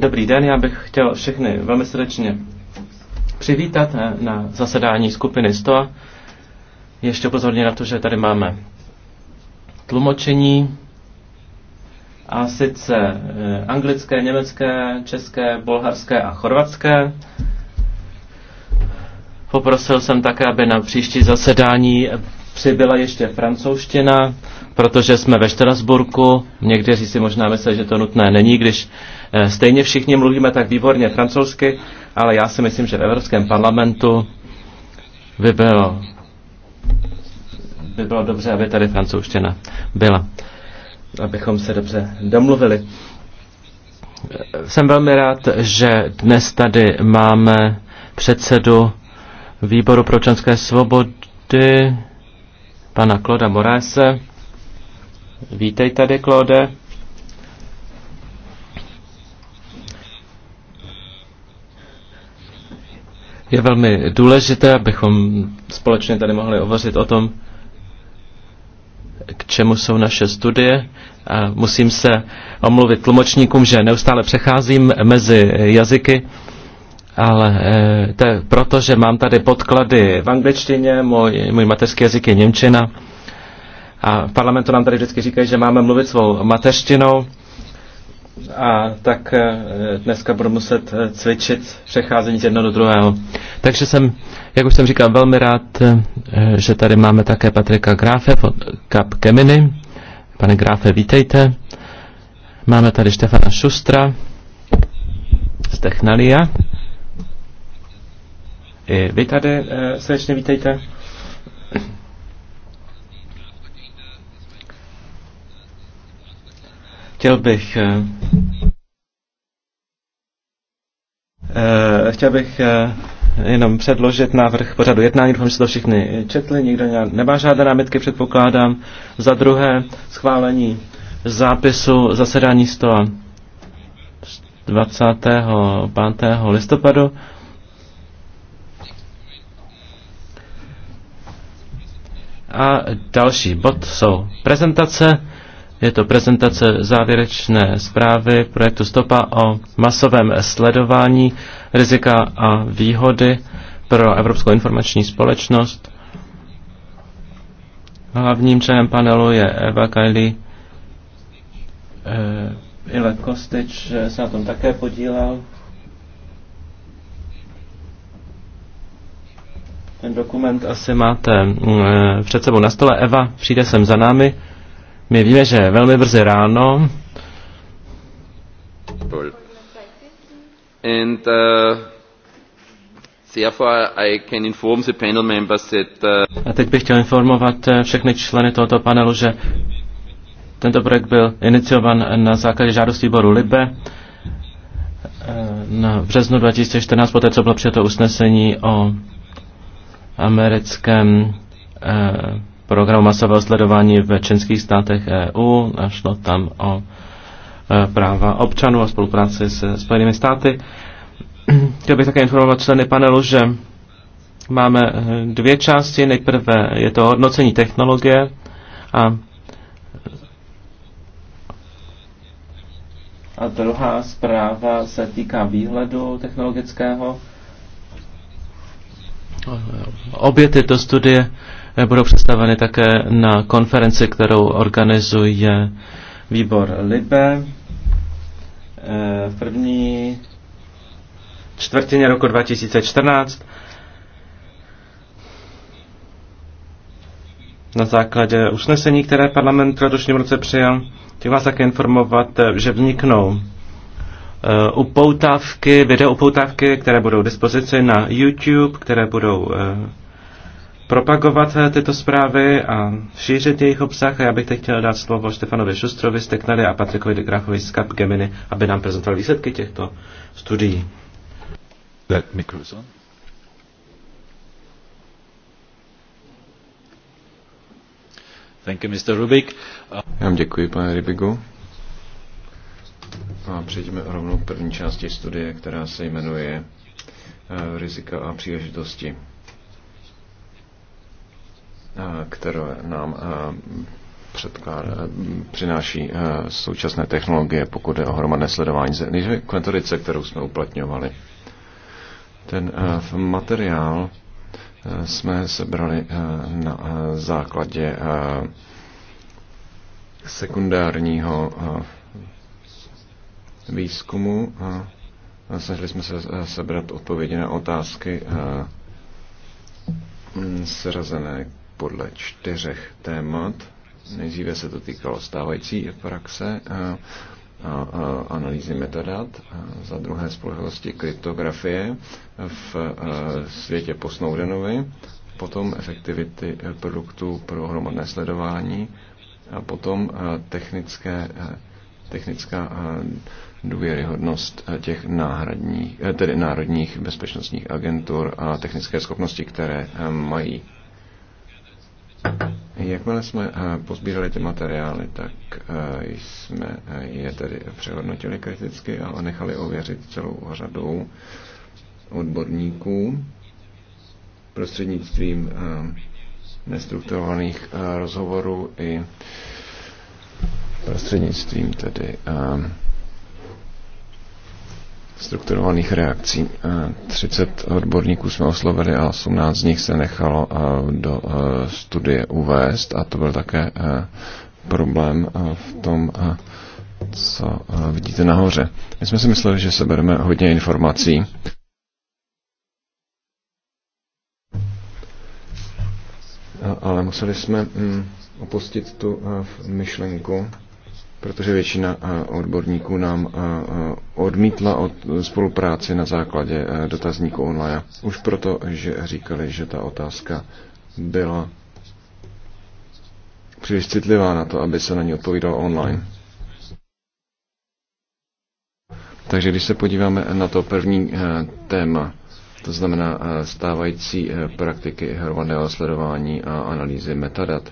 Dobrý den, já bych chtěl všechny velmi srdečně přivítat eh, na zasedání skupiny STOA. Ještě pozorně na to, že tady máme tlumočení a sice eh, anglické, německé, české, bulharské a chorvatské. Poprosil jsem také, aby na příští zasedání přibyla ještě francouzština, protože jsme ve Štrasburku. Někteří si možná myslí, že to nutné není, když eh, stejně všichni mluvíme tak výborně francouzsky, ale já si myslím, že v Evropském parlamentu by bylo, by bylo dobře, aby tady francouzština byla, abychom se dobře domluvili. Eh, jsem velmi rád, že dnes tady máme předsedu výboru pro občanské svobody, pana Kloda Moraese. Vítej tady, Klode. Je velmi důležité, abychom společně tady mohli hovořit o tom, k čemu jsou naše studie. A musím se omluvit tlumočníkům, že neustále přecházím mezi jazyky ale eh, te, protože mám tady podklady v angličtině, můj, můj mateřský jazyk je Němčina a v parlamentu nám tady vždycky říkají, že máme mluvit svou mateřštinou a tak eh, dneska budu muset eh, cvičit přecházení z jednoho do druhého. Takže jsem, jak už jsem říkal, velmi rád, že tady máme také Patrika Gráfe od Kap Gemini. Pane Gráfe, vítejte. Máme tady Štefana Šustra z Technalia i vy tady eh, srdečně vítejte. Chtěl bych eh, eh, chtěl bych jenom předložit návrh pořadu jednání, doufám, že to všichni četli, nikdo nemá žádné námitky, předpokládám. Za druhé schválení zápisu zasedání 125. listopadu. A další bod jsou prezentace. Je to prezentace závěrečné zprávy projektu Stopa o masovém sledování rizika a výhody pro Evropskou informační společnost. Hlavním členem panelu je Eva Kajli. Eh, Ile Kostič se na tom také podílel. Ten dokument asi máte mm, eh, před sebou na stole. Eva přijde sem za námi. My víme, že je velmi brzy ráno. And, uh, therefore I can inform the panel members that, uh... A teď bych chtěl informovat eh, všechny členy tohoto panelu, že tento projekt byl iniciovan na základě žádosti výboru LIBE eh, na březnu 2014, poté co bylo přijato usnesení o americkém eh, programu masového sledování v členských státech EU šlo tam o eh, práva občanů a spolupráci se Spojenými státy. Chtěl bych také informovat členy panelu, že máme eh, dvě části. Nejprve je to hodnocení technologie a A druhá zpráva se týká výhledu technologického. Obě tyto studie eh, budou představeny také na konferenci, kterou organizuje výbor LIBE. Eh, v první čtvrtině roku 2014 na základě usnesení, které parlament v letošním roce přijal, chci vás také informovat, eh, že vzniknou Eh, upoutávky, videoupoutávky, které budou dispozici na YouTube, které budou eh, propagovat eh, tyto zprávy a šířit jejich obsah. A já bych teď chtěl dát slovo Štefanovi Šustrovi z Teknady a Patrikovi de Grachovi z Capgemini, aby nám prezentoval výsledky těchto studií. That Thank you, Mr. Rubik. Já vám děkuji, pane Rubiku a přejdeme rovnou k první části studie, která se jmenuje eh, Rizika a příležitosti, eh, které nám eh, předkládá, přináší současné technologie, pokud je o hromadné sledování země. k metodice, kterou jsme uplatňovali. Ten materiál jsme sebrali na základě sekundárního výzkumu a snažili jsme se e, sebrat odpovědi na otázky e, mm, srazené podle čtyřech témat. Nejdříve se to týkalo stávající praxe a, a, a analýzy metadat, a za druhé spolehlivosti kryptografie v a, e, světě po potom efektivity produktů pro hromadné sledování a potom technické, technická důvěryhodnost eh, těch náhradních, eh, tedy národních bezpečnostních agentur a technické schopnosti, které eh, mají. Jakmile jsme pozbírali ty materiály, tak jsme je tedy přehodnotili kriticky a nechali ověřit celou řadou odborníků prostřednictvím nestrukturovaných rozhovorů i prostřednictvím tedy strukturovaných reakcí. 30 eh, odborníků jsme oslovili a 18 z nich se nechalo eh, do eh, studie uvést a to byl také problém v tom, co vidíte nahoře. My jsme si mysleli, že sebereme hodně informací. Ale museli jsme hm, opustit tu myšlenku, protože většina eh, odborníků nám eh, eh, odmítla od spolupráci na základě dotazníku online. Už proto, že říkali, že ta otázka byla příliš citlivá na to, aby se na ní odpovídalo online. Takže když se podíváme na to první téma, to znamená stávající praktiky hromadného sledování a analýzy metadat,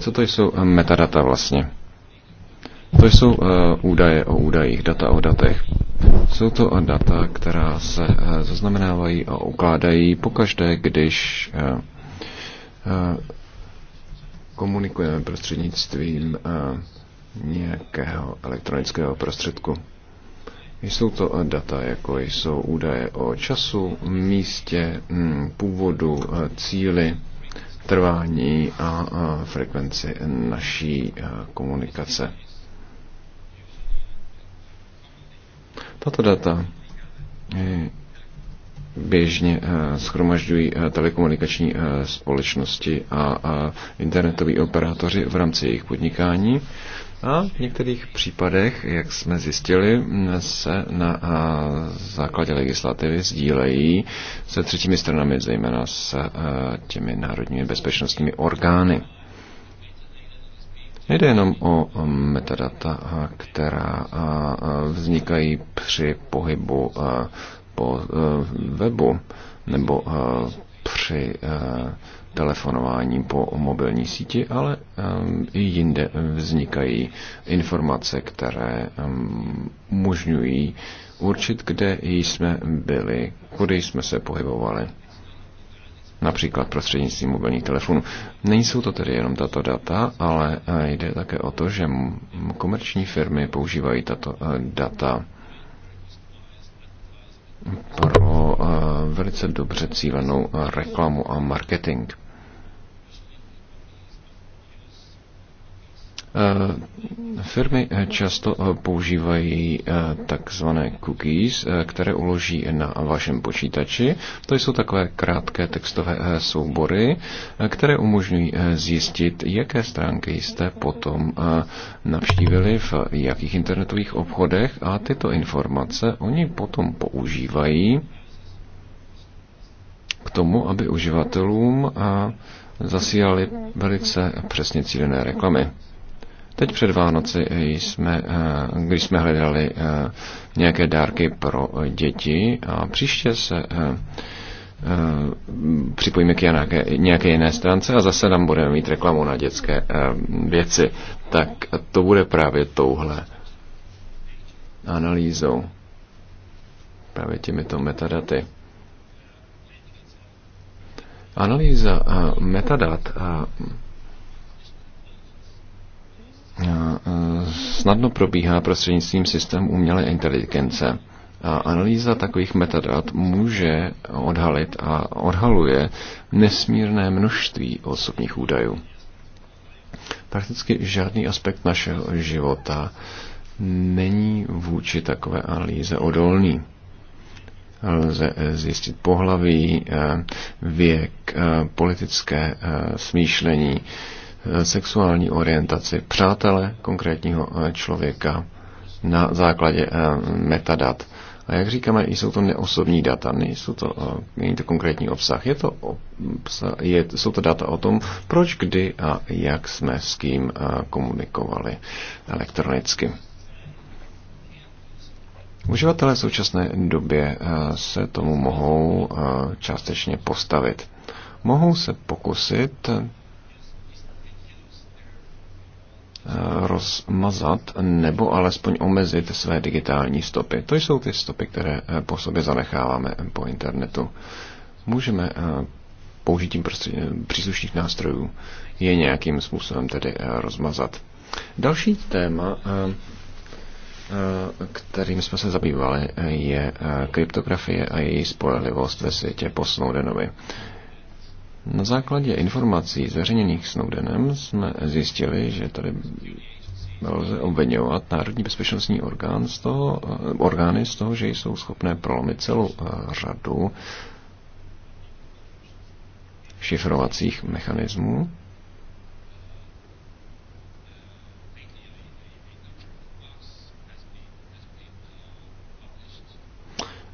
co to jsou eh, metadata vlastně? To jsou uh, údaje o údajích, data o datech. Jsou to eh, data, která se uh, zaznamenávají a ukládají pokaždé, když uh, uh, komunikujeme prostřednictvím uh, nějakého elektronického prostředku. Jsou to data, jako jsou údaje o času, místě, hm, původu, cíli trvání a frekvenci naší komunikace. Tato data eh, běžně eh, schromažďují eh, telekomunikační společnosti a internetoví operátoři v rámci jejich podnikání a v některých případech, jak jsme zjistili, se na základě legislativy sdílejí se třetími stranami, zejména s těmi národními bezpečnostními orgány. Nejde jenom o metadata, která vznikají při pohybu po e, webu nebo při e, telefonováním po mobilní síti, ale i jinde vznikají informace, které umožňují určit, kde jsme byli, kudy jsme se pohybovali například prostřednictvím mobilních telefonů. Nejsou to tedy jenom tato data, ale eh, jde také o to, že komerční firmy používají tato eh, data pro eh, velice dobře cílenou reklamu a marketing. Eh, firmy eh, často eh, používají takzvané cookies, které uloží na vašem počítači. To jsou takové krátké textové soubory, které umožňují zjistit, jaké stránky jste potom navštívili v jakých internetových obchodech a tyto informace oni potom používají k tomu, aby uživatelům zasílali velice přesně cílené reklamy. Teď před Vánoci jsme, eh, když jsme hledali eh, nějaké dárky pro děti a příště se eh, připojíme k nějaké, nějaké jiné stránce a zase tam budeme mít reklamu na dětské věci. Tak to bude právě touhle analýzou. Právě těmito metadaty. Analýza metadat snadno probíhá prostřednictvím systému umělé inteligence. A analýza takových metadat může odhalit a odhaluje nesmírné množství osobních údajů. Prakticky žádný aspekt našeho života není vůči takové analýze odolný. Lze eh, zjistit pohlaví, eh, věk, eh, politické smýšlení, Eh, sexuální orientaci přátele konkrétního eh, člověka na základě eh, metadat. A jak říkáme, jsou to neosobní data, nejsou to, není to konkrétní obsah. Je to je, jsou to data o tom, proč, kdy a jak jsme s kým komunikovali elektronicky. Uživatelé v současné době se tomu mohou částečně postavit. Mohou se pokusit rozmazat nebo alespoň omezit své digitální stopy. To jsou ty stopy, které eh, po sobě zanecháváme po internetu. Můžeme eh, použitím příslušných nástrojů je nějakým způsobem tedy eh, rozmazat. Další téma, kterým jsme se zabývali, je kryptografie a její spolehlivost ve světě po Snowdenovi. Na základě informací zveřejněných Snowdenem jsme zjistili, že tady lze obvinovat Národní bezpečnostní orgán z toho, eh, orgány z toho, že jsou schopné prolomit celou eh, řadu šifrovacích mechanismů.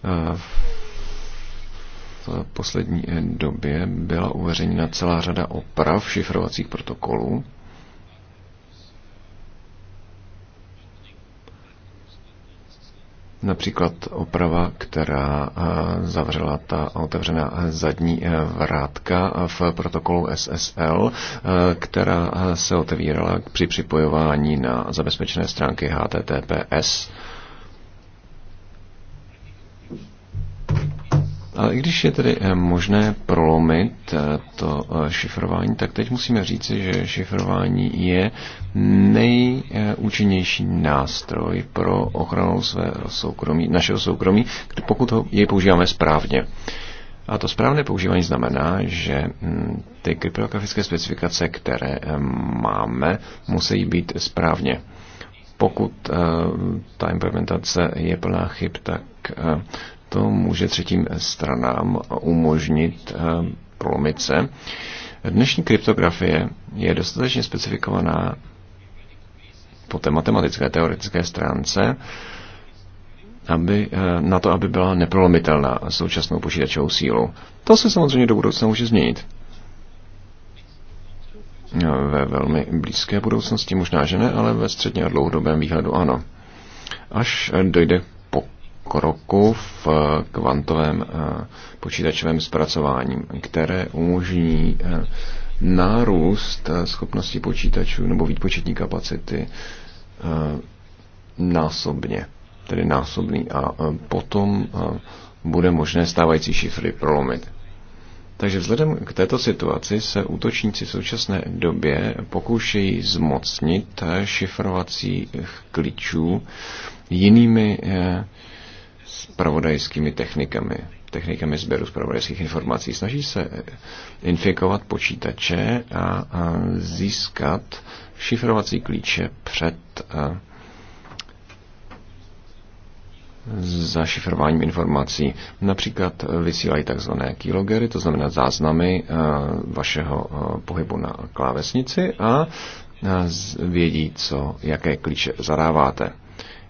Eh, v v poslední době byla uveřejněna celá řada oprav šifrovacích protokolů. Například oprava, která eh, zavřela ta otevřená zadní eh, vrátka v protokolu SSL, eh, která se otevírala při připojování na zabezpečené stránky HTTPS Ale i když je tedy eh, možné prolomit eh, to eh, šifrování, tak teď musíme říci, že šifrování je nejúčinnější nástroj pro ochranu svého soukromí, našeho soukromí, pokud ho, jej používáme správně. A to správné používání znamená, že hm, ty kryptografické specifikace, které máme, musí být správně. Pokud ta implementace je plná chyb, tak to může třetím stranám umožnit eh, prolomit se. Dnešní kryptografie je dostatečně specifikovaná po té matematické teoretické stránce, aby, eh, na to, aby byla neprolomitelná současnou počítačovou sílou. To se samozřejmě do budoucna může změnit. Eh, ve velmi blízké budoucnosti možná, že ne, ale ve středně a dlouhodobém výhledu ano. Až dojde pokroku v eh, kvantovém eh, počítačovém zpracování, které umožní eh, nárůst schopnosti počítačů nebo výpočetní kapacity násobně, tedy násobný a potom bude možné stávající šifry prolomit. Takže vzhledem k této situaci se útočníci v současné době pokoušejí zmocnit šifrovacích klíčů jinými s pravodajskými technikami, technikami sběru zpravodajských informací. Snaží se infikovat počítače a získat šifrovací klíče před zašifrováním informací. Například vysílají takzvané keylogery, to znamená záznamy vašeho pohybu na klávesnici a vědí, co, jaké klíče zadáváte.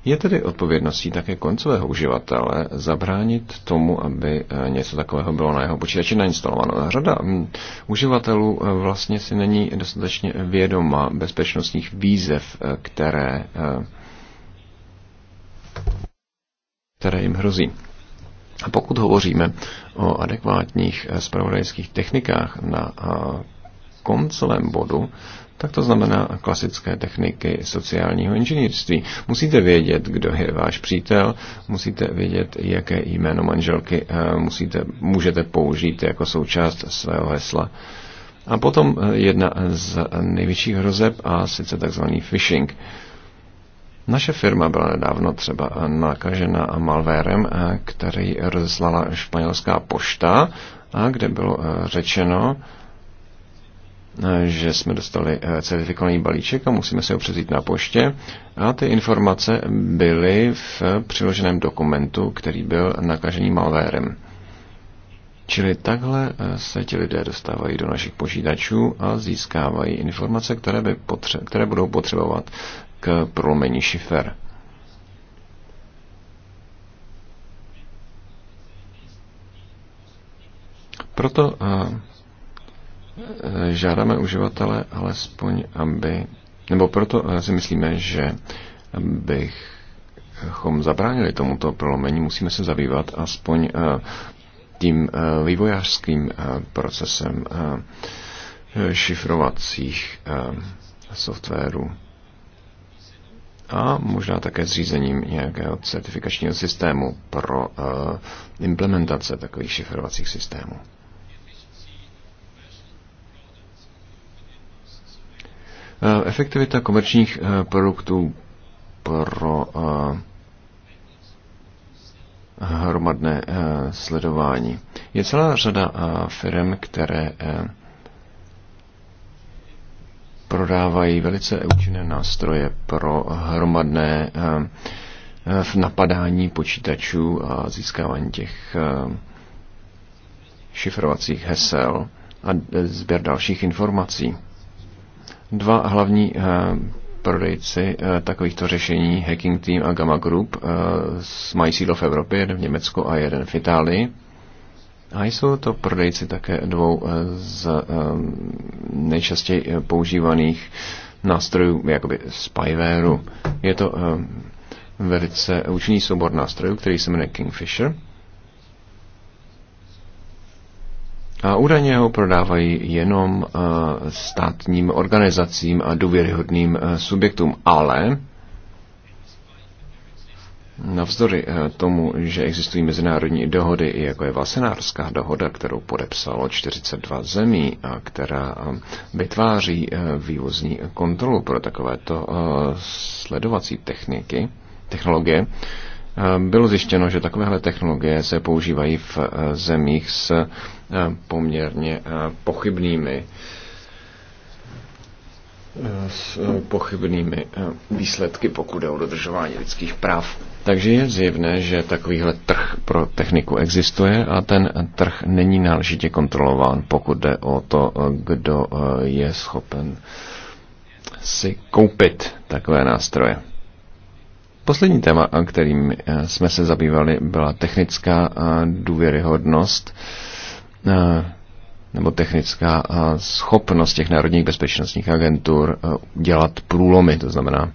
Je tedy odpovědností také koncového uživatele zabránit tomu, aby eh, něco takového bylo na jeho počítači nainstalováno. Řada hm, uživatelů eh, vlastně si není dostatečně vědoma bezpečnostních výzev, eh, které, které jim hrozí. A pokud hovoříme o adekvátních spravodajských technikách na koncovém bodu, tak to znamená klasické techniky sociálního inženýrství. Musíte vědět, kdo je váš přítel, musíte vědět, jaké jméno manželky eh, musíte, můžete použít jako součást svého hesla. A potom eh, jedna z největších hrozeb, a sice takzvaný phishing. Naše firma byla nedávno třeba nakažena malvérem, eh, který rozeslala španělská pošta, a kde bylo řečeno, že jsme dostali eh, certifikovaný balíček a musíme si ho převzít na poště. A ty informace byly v přiloženém dokumentu, který byl nakažený malvérem. Čili takhle eh, se ti lidé dostávají do našich počítačů a získávají informace, které, by potře- které budou potřebovat k prolomení šifer. Proto eh, Eh, žádáme uživatele alespoň, aby, nebo proto eh, si myslíme, že bychom zabránili tomuto prolomení, musíme se zabývat aspoň eh, tím vývojářským procesem šifrovacích softwarů a možná také zřízením nějakého certifikačního systému pro implementace takových šifrovacích systémů. Eh, efektivita komerčních eh, produktů pro eh, hromadné sledování. Je celá řada firm, které prodávají velice účinné nástroje pro hromadné napadání počítačů a získávání těch šifrovacích hesel a sběr dalších informací. Dva hlavní eh, prodejci eh, takovýchto řešení, Hacking Team a Gamma Group, eh, mají sídlo v Evropě, jeden v Německu a jeden v Itálii. A jsou to prodejci také dvou z nejčastěji používaných nástrojů, jakoby spywareu. Je to velice účinný soubor nástrojů, který se jmenuje Kingfisher A údajně ho prodávají jenom eh, státním organizacím a důvěryhodným eh, subjektům. Ale Navzdory eh, tomu, že existují mezinárodní dohody, jako je Vasenářská dohoda, kterou podepsalo 42 zemí a která vytváří vývozní kontrolu pro takovéto sledovací techniky, technologie, bylo zjištěno, že takovéhle technologie se používají v zemích s poměrně eh, pochybnými eh, s eh, pochybnými výsledky, pokud jde o dodržování lidských práv. Takže je zjevné, že takovýhle trh pro techniku existuje a ten trh není náležitě kontrolován, pokud jde o to, kdo je schopen si koupit takové nástroje. Poslední téma, kterým jsme se zabývali, byla technická důvěryhodnost Eh, nebo technická eh, schopnost těch národních bezpečnostních agentur eh, dělat průlomy, to znamená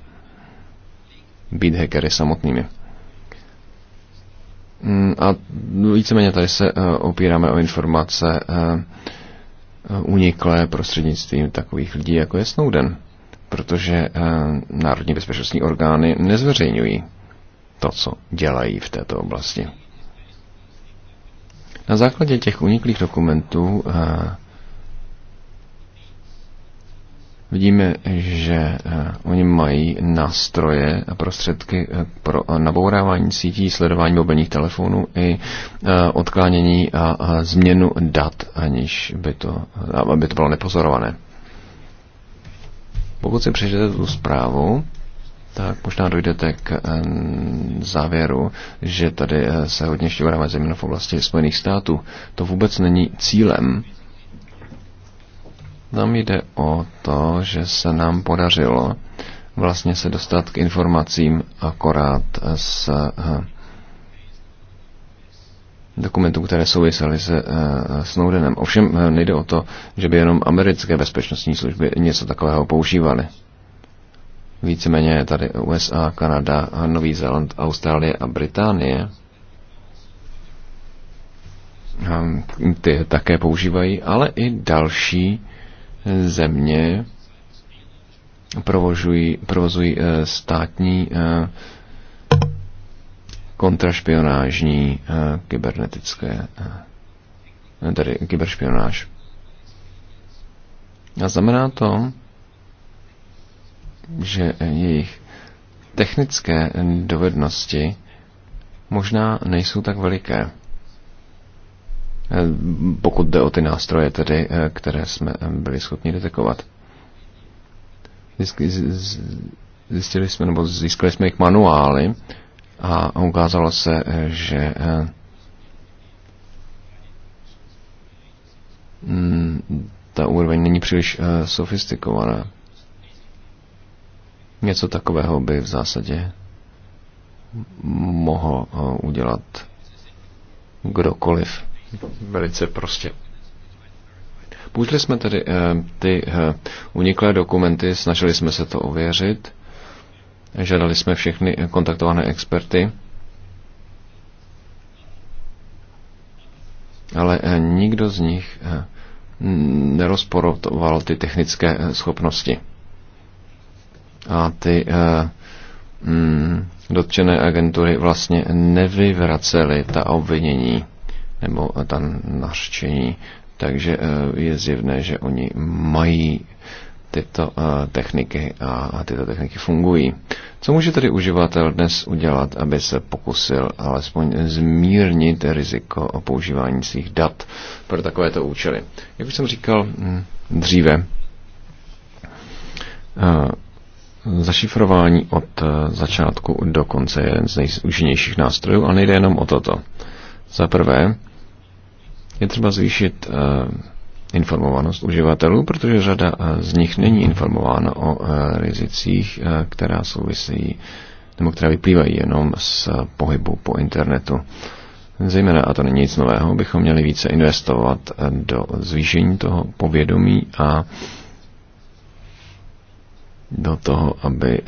být hackery samotnými. Mm, a víceméně tady se opíráme o informace uniklé prostřednictvím takových lidí, jako je Snowden, protože národní bezpečnostní orgány nezveřejňují to, co dělají v této oblasti. Na základě těch uniklých dokumentů eh, vidíme, že eh, oni mají nástroje a prostředky eh, pro nabourávání sítí, sledování mobilních telefonů i odklánění a změnu dat, aniž by to, aby to bylo nepozorované. Pokud si přečtete tu zprávu, tak možná dojdete k eh, závěru, že tady eh, se hodně šťouráme zejména v oblasti Spojených států. To vůbec není cílem. Nám jde o to, že se nám podařilo vlastně se dostat k informacím akorát s eh, dokumentů, které souvisely se uh, Snowdenem. Ovšem nejde o to, že by jenom americké bezpečnostní služby něco takového používaly víceméně je tady USA, Kanada, Nový Zéland, Austrálie a Británie. Ehm, ty také používají, ale i další země provozují, provozují eh, státní eh, kontrašpionážní eh, kybernetické, tedy kyberšpionáž. A znamená to, že jejich technické dovednosti možná nejsou tak veliké. Pokud jde o ty nástroje, tedy, eh, které jsme eh, byli schopni detekovat. Zjistili jsme, nebo získali jsme jejich manuály a ukázalo se, eh, že mm, ta úroveň není příliš sofistikovaná. Něco takového by v zásadě mohl eh, udělat kdokoliv. Velice prostě. Půjčili jsme tedy eh, ty eh, uniklé dokumenty, snažili jsme se to ověřit, žádali jsme všechny kontaktované experty, ale nikdo z nich nerozporoval ty technické schopnosti a ty eh, mm, dotčené agentury vlastně nevyvracely ta obvinění nebo ta nařčení. Takže eh, je zjevné, že oni mají tyto eh, techniky a tyto techniky fungují. Co může tedy uživatel dnes udělat, aby se pokusil alespoň zmírnit riziko o používání svých dat pro takovéto účely? Jak už jsem říkal mm, dříve, Zašifrování od eh, začátku do konce je jeden z nejúčinnějších nástrojů, ale nejde jenom o toto. Za prvé, je třeba zvýšit eh, informovanost uživatelů, protože řada eh, z nich není informována o rizicích, která souvisí nebo která vyplývají jenom z pohybu po internetu. Zejména, a to není nic nového, bychom měli více investovat do zvýšení toho povědomí a do toho, aby eh,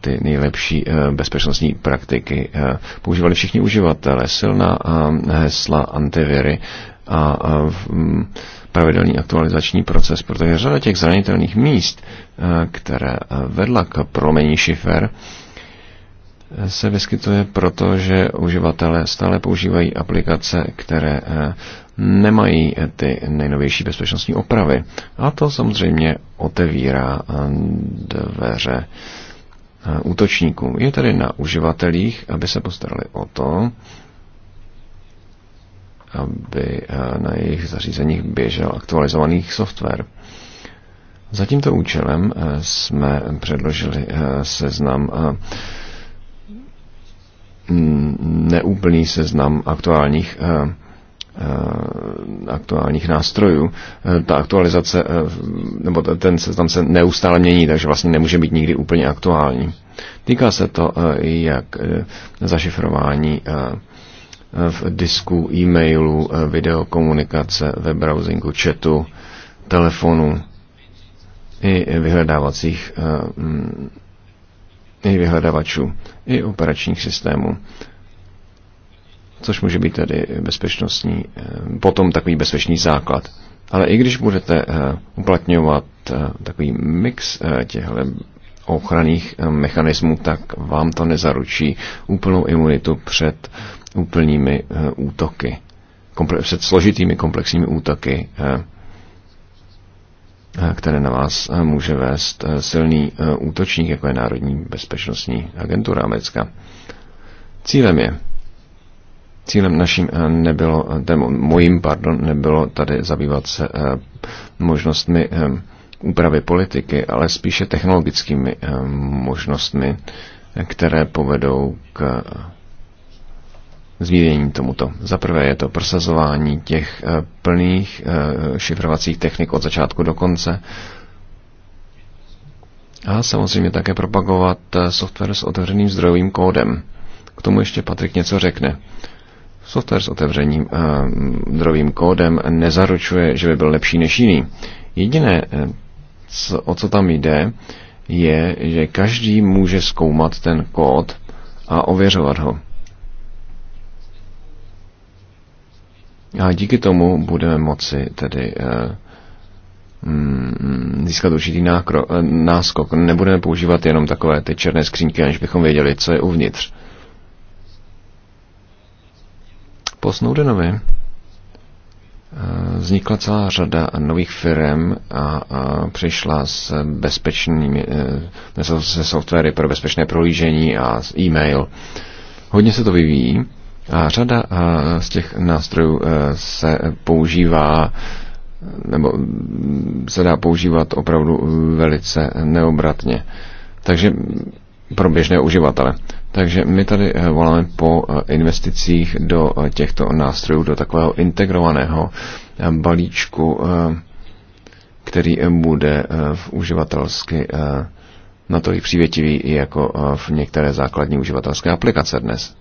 ty nejlepší eh, bezpečnostní praktiky eh, používali všichni uživatelé. Silná hesla, antiviry a mm, pravidelný aktualizační proces, protože řada těch zranitelných míst, které vedla k promení šifer, se vyskytuje proto, že uživatelé stále používají aplikace, které nemají ty nejnovější bezpečnostní opravy. A to samozřejmě otevírá eh, dveře eh, útočníků. Je tedy na uživatelích, aby se postarali o to, aby eh, na jejich zařízeních běžel aktualizovaný software. Za tímto účelem jsme předložili seznam neúplný seznam aktuálních Eh, aktuálních nástrojů. Eh, ta aktualizace, eh, nebo ten tam se neustále mění, takže vlastně nemůže být nikdy úplně aktuální. Týká se to jak zašifrování v disku, e-mailu, videokomunikace, ve browsingu, chatu, telefonu i vyhledávacích mm, i vyhledavačů, i operačních systémů což může být tedy bezpečnostní, eh, potom takový bezpečný základ. Ale i když budete eh, uplatňovat eh, takový mix těchto ochranných mechanismů, tak vám to nezaručí úplnou imunitu před úplnými útoky, před složitými komplexními útoky, které na vás může vést silný útočník, jako je Národní bezpečnostní agentura americká. Cílem je Cílem naším eh, nebylo, eh, mojím, pardon, nebylo tady zabývat se eh, možnostmi úpravy politiky, ale spíše technologickými možnostmi, které povedou k zmírnění tomuto. Za prvé je to prosazování těch plných šifrovacích technik od začátku do konce a samozřejmě také propagovat software s otevřeným zdrojovým kódem. K tomu ještě Patrik něco řekne. Software s otevřením eh, drovým kódem nezaručuje, že by byl lepší než jiný. Jediné, eh, co, o co tam jde, je, že každý může zkoumat ten kód a ověřovat ho. A díky tomu budeme moci tedy eh, mm, získat určitý nákrok, náskok. Nebudeme používat jenom takové ty černé skřínky, aniž bychom věděli, co je uvnitř. Po Snowdenovi eh, vznikla celá řada nových firm a, a přišla s bezpečnými, eh, se softwary pro bezpečné prohlížení a e-mail. Hodně se to vyvíjí a řada eh, z těch nástrojů se používá nebo se dá používat opravdu velice neobratně. Takže pro běžné uživatele. Takže my tady eh, voláme po eh, investicích do eh, těchto nástrojů, do takového integrovaného balíčku, který bude v uživatelsky natolik přívětivý i jako v některé základní uživatelské aplikace dnes.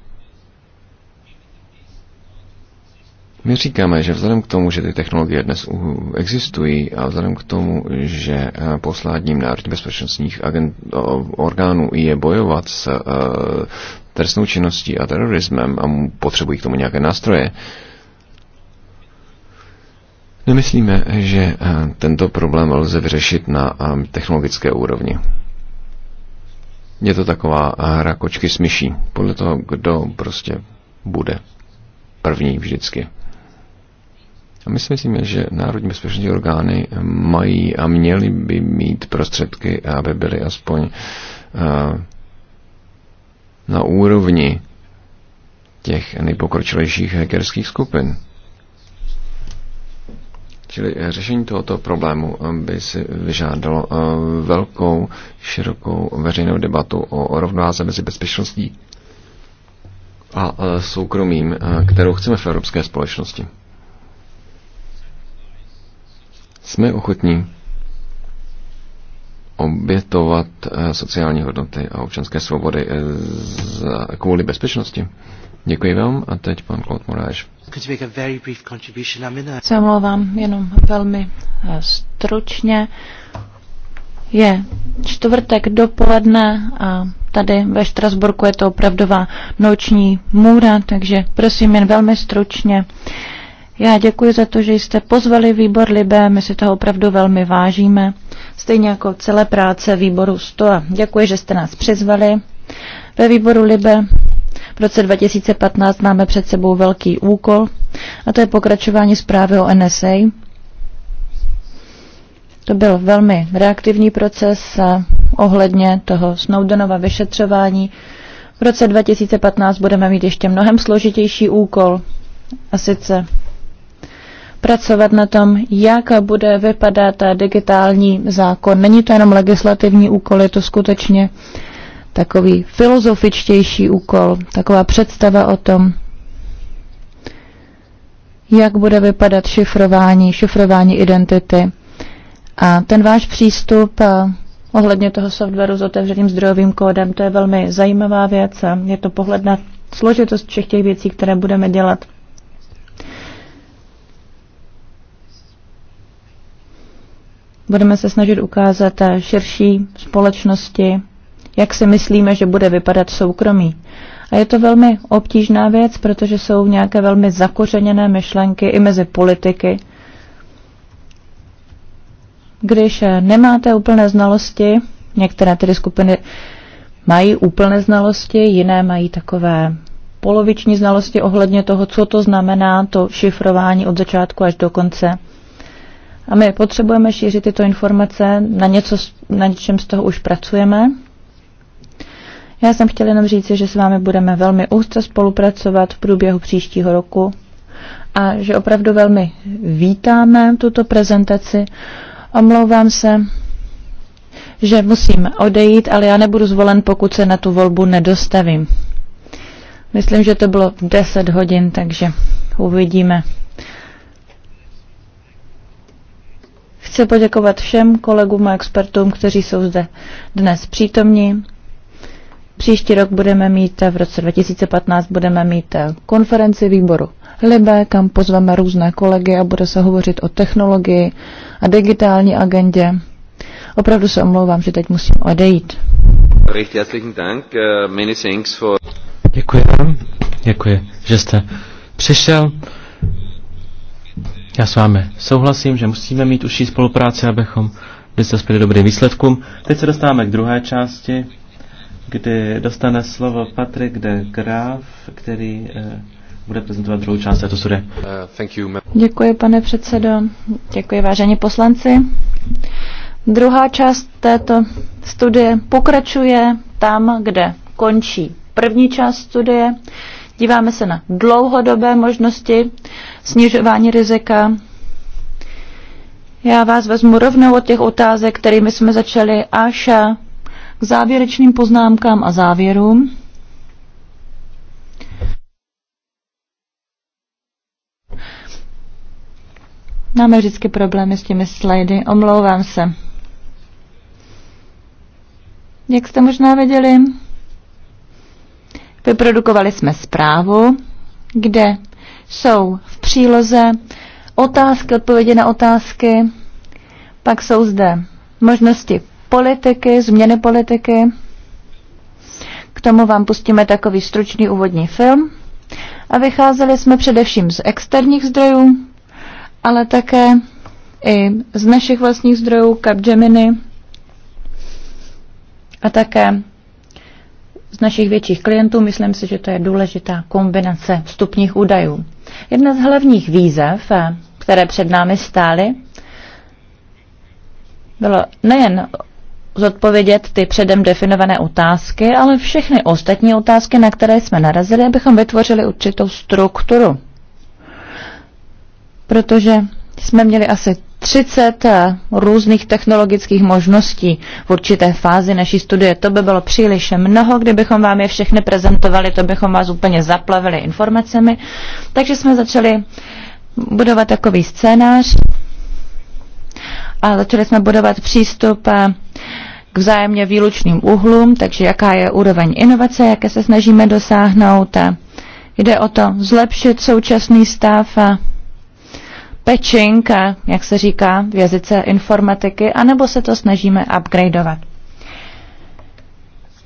My říkáme, že vzhledem k tomu, že ty technologie dnes existují a vzhledem k tomu, že eh, posláním národní bezpečnostních agent, orgánů je bojovat s uh, trestnou činností a terorismem a potřebují k tomu nějaké nástroje, nemyslíme, že eh, tento problém lze vyřešit na technologické úrovni. Je to taková hra kočky s myší, podle toho, kdo prostě bude první vždycky. A my si myslíme, že národní bezpečnostní orgány eh, mají a měly by mít prostředky, aby byly aspoň eh, na úrovni těch nejpokročilejších hackerských skupin. Čili eh, řešení tohoto problému by si vyžádalo velkou, širokou veřejnou debatu o rovnováze mezi bezpečností a soukromím, kterou chceme v evropské společnosti. Jsme ochotní obětovat eh, sociální hodnoty a občanské svobody eh, za, kvůli bezpečnosti? Děkuji vám a teď pan Claude Moráš. Se omlouvám jenom velmi eh, stručně. Je čtvrtek dopoledne a tady ve Štrasburku je to opravdová noční můra, takže prosím jen velmi stručně. Uh, já děkuji za to, že jste pozvali výbor Libé, my si toho opravdu velmi vážíme, stejně jako celé práce výboru STOA. Děkuji, že jste nás přizvali. Ve výboru Libe v roce 2015 máme před sebou velký úkol, a to je pokračování zprávy o NSA. To byl velmi reaktivní proces ohledně toho Snowdenova vyšetřování. V roce 2015 budeme mít ještě mnohem složitější úkol, a sice pracovat na tom, jak bude vypadat digitální zákon. Není to jenom legislativní úkol, je to skutečně takový filozofičtější úkol, taková představa o tom, jak bude vypadat šifrování, šifrování identity. A ten váš přístup eh, ohledně toho softwaru s otevřeným zdrojovým kódem, to je velmi zajímavá věc. Je to pohled na složitost všech těch věcí, které budeme dělat. Budeme se snažit ukázat eh, širší společnosti, jak si myslíme, že bude vypadat soukromí. A je to velmi obtížná věc, protože jsou nějaké velmi zakořeněné myšlenky i mezi politiky. Když eh, nemáte úplné znalosti, některé tedy skupiny mají úplné znalosti, jiné mají takové poloviční znalosti ohledně toho, co to znamená to šifrování od začátku až do konce. A my potřebujeme šířit tyto informace, na, něco, na něčem z toho už pracujeme. Já jsem chtěla jenom říct, že s vámi budeme velmi úzce spolupracovat v průběhu příštího roku a že opravdu velmi vítáme tuto prezentaci. Omlouvám se, že musím odejít, ale já nebudu zvolen, pokud se na tu volbu nedostavím. Myslím, že to bylo 10 hodin, takže uvidíme. Chci poděkovat všem kolegům a expertům, kteří jsou zde dnes přítomní. Příští rok budeme mít, v roce 2015 budeme mít eh, konferenci výboru Libe, kam pozveme různé kolegy a bude se hovořit o technologii a digitální agendě. Opravdu se omlouvám, že teď musím odejít. Eh, děkuji děkuji, že jste přišel. Já s vámi souhlasím, že musíme mít užší spolupráci, abychom dospěli dobrým výsledkům. Teď se dostáváme k druhé části, kdy dostane slovo Patrik de Graaf, který eh, bude prezentovat druhou část této studie. Uh, Děkuji, pane předsedo. Děkuji, vážení poslanci. Druhá část této studie pokračuje tam, kde končí první část studie. Díváme se na dlouhodobé možnosti snižování rizika. Já vás vezmu rovnou od těch otázek, kterými jsme začali až k závěrečným poznámkám a závěrům. Máme vždycky problémy s těmi slajdy, omlouvám se. Jak jste možná věděli, Vyprodukovali jsme zprávu, kde jsou v příloze otázky, odpovědi na otázky, pak jsou zde možnosti politiky, změny politiky. K tomu vám pustíme takový stručný úvodní film. A vycházeli jsme především z externích zdrojů, ale také i z našich vlastních zdrojů Capgemini a také z našich větších klientů, myslím si, že to je důležitá kombinace vstupních údajů. Jedna z hlavních výzev, eh, které před námi stály, bylo nejen zodpovědět ty předem definované otázky, ale všechny ostatní otázky, na které jsme narazili, abychom vytvořili určitou strukturu. Protože jsme měli asi 30 eh, různých technologických možností v určité fázi naší studie. To by bylo příliš mnoho, kdybychom vám je všechny prezentovali, to bychom vás úplně zaplavili informacemi. Takže jsme začali budovat takový scénář a začali jsme budovat přístup eh, k vzájemně výlučným úhlům, takže jaká je úroveň inovace, jaké se snažíme dosáhnout. Jde o to zlepšit současný stav a eh, patching, eh, jak se říká v jazyce informatiky, anebo se to snažíme upgradeovat.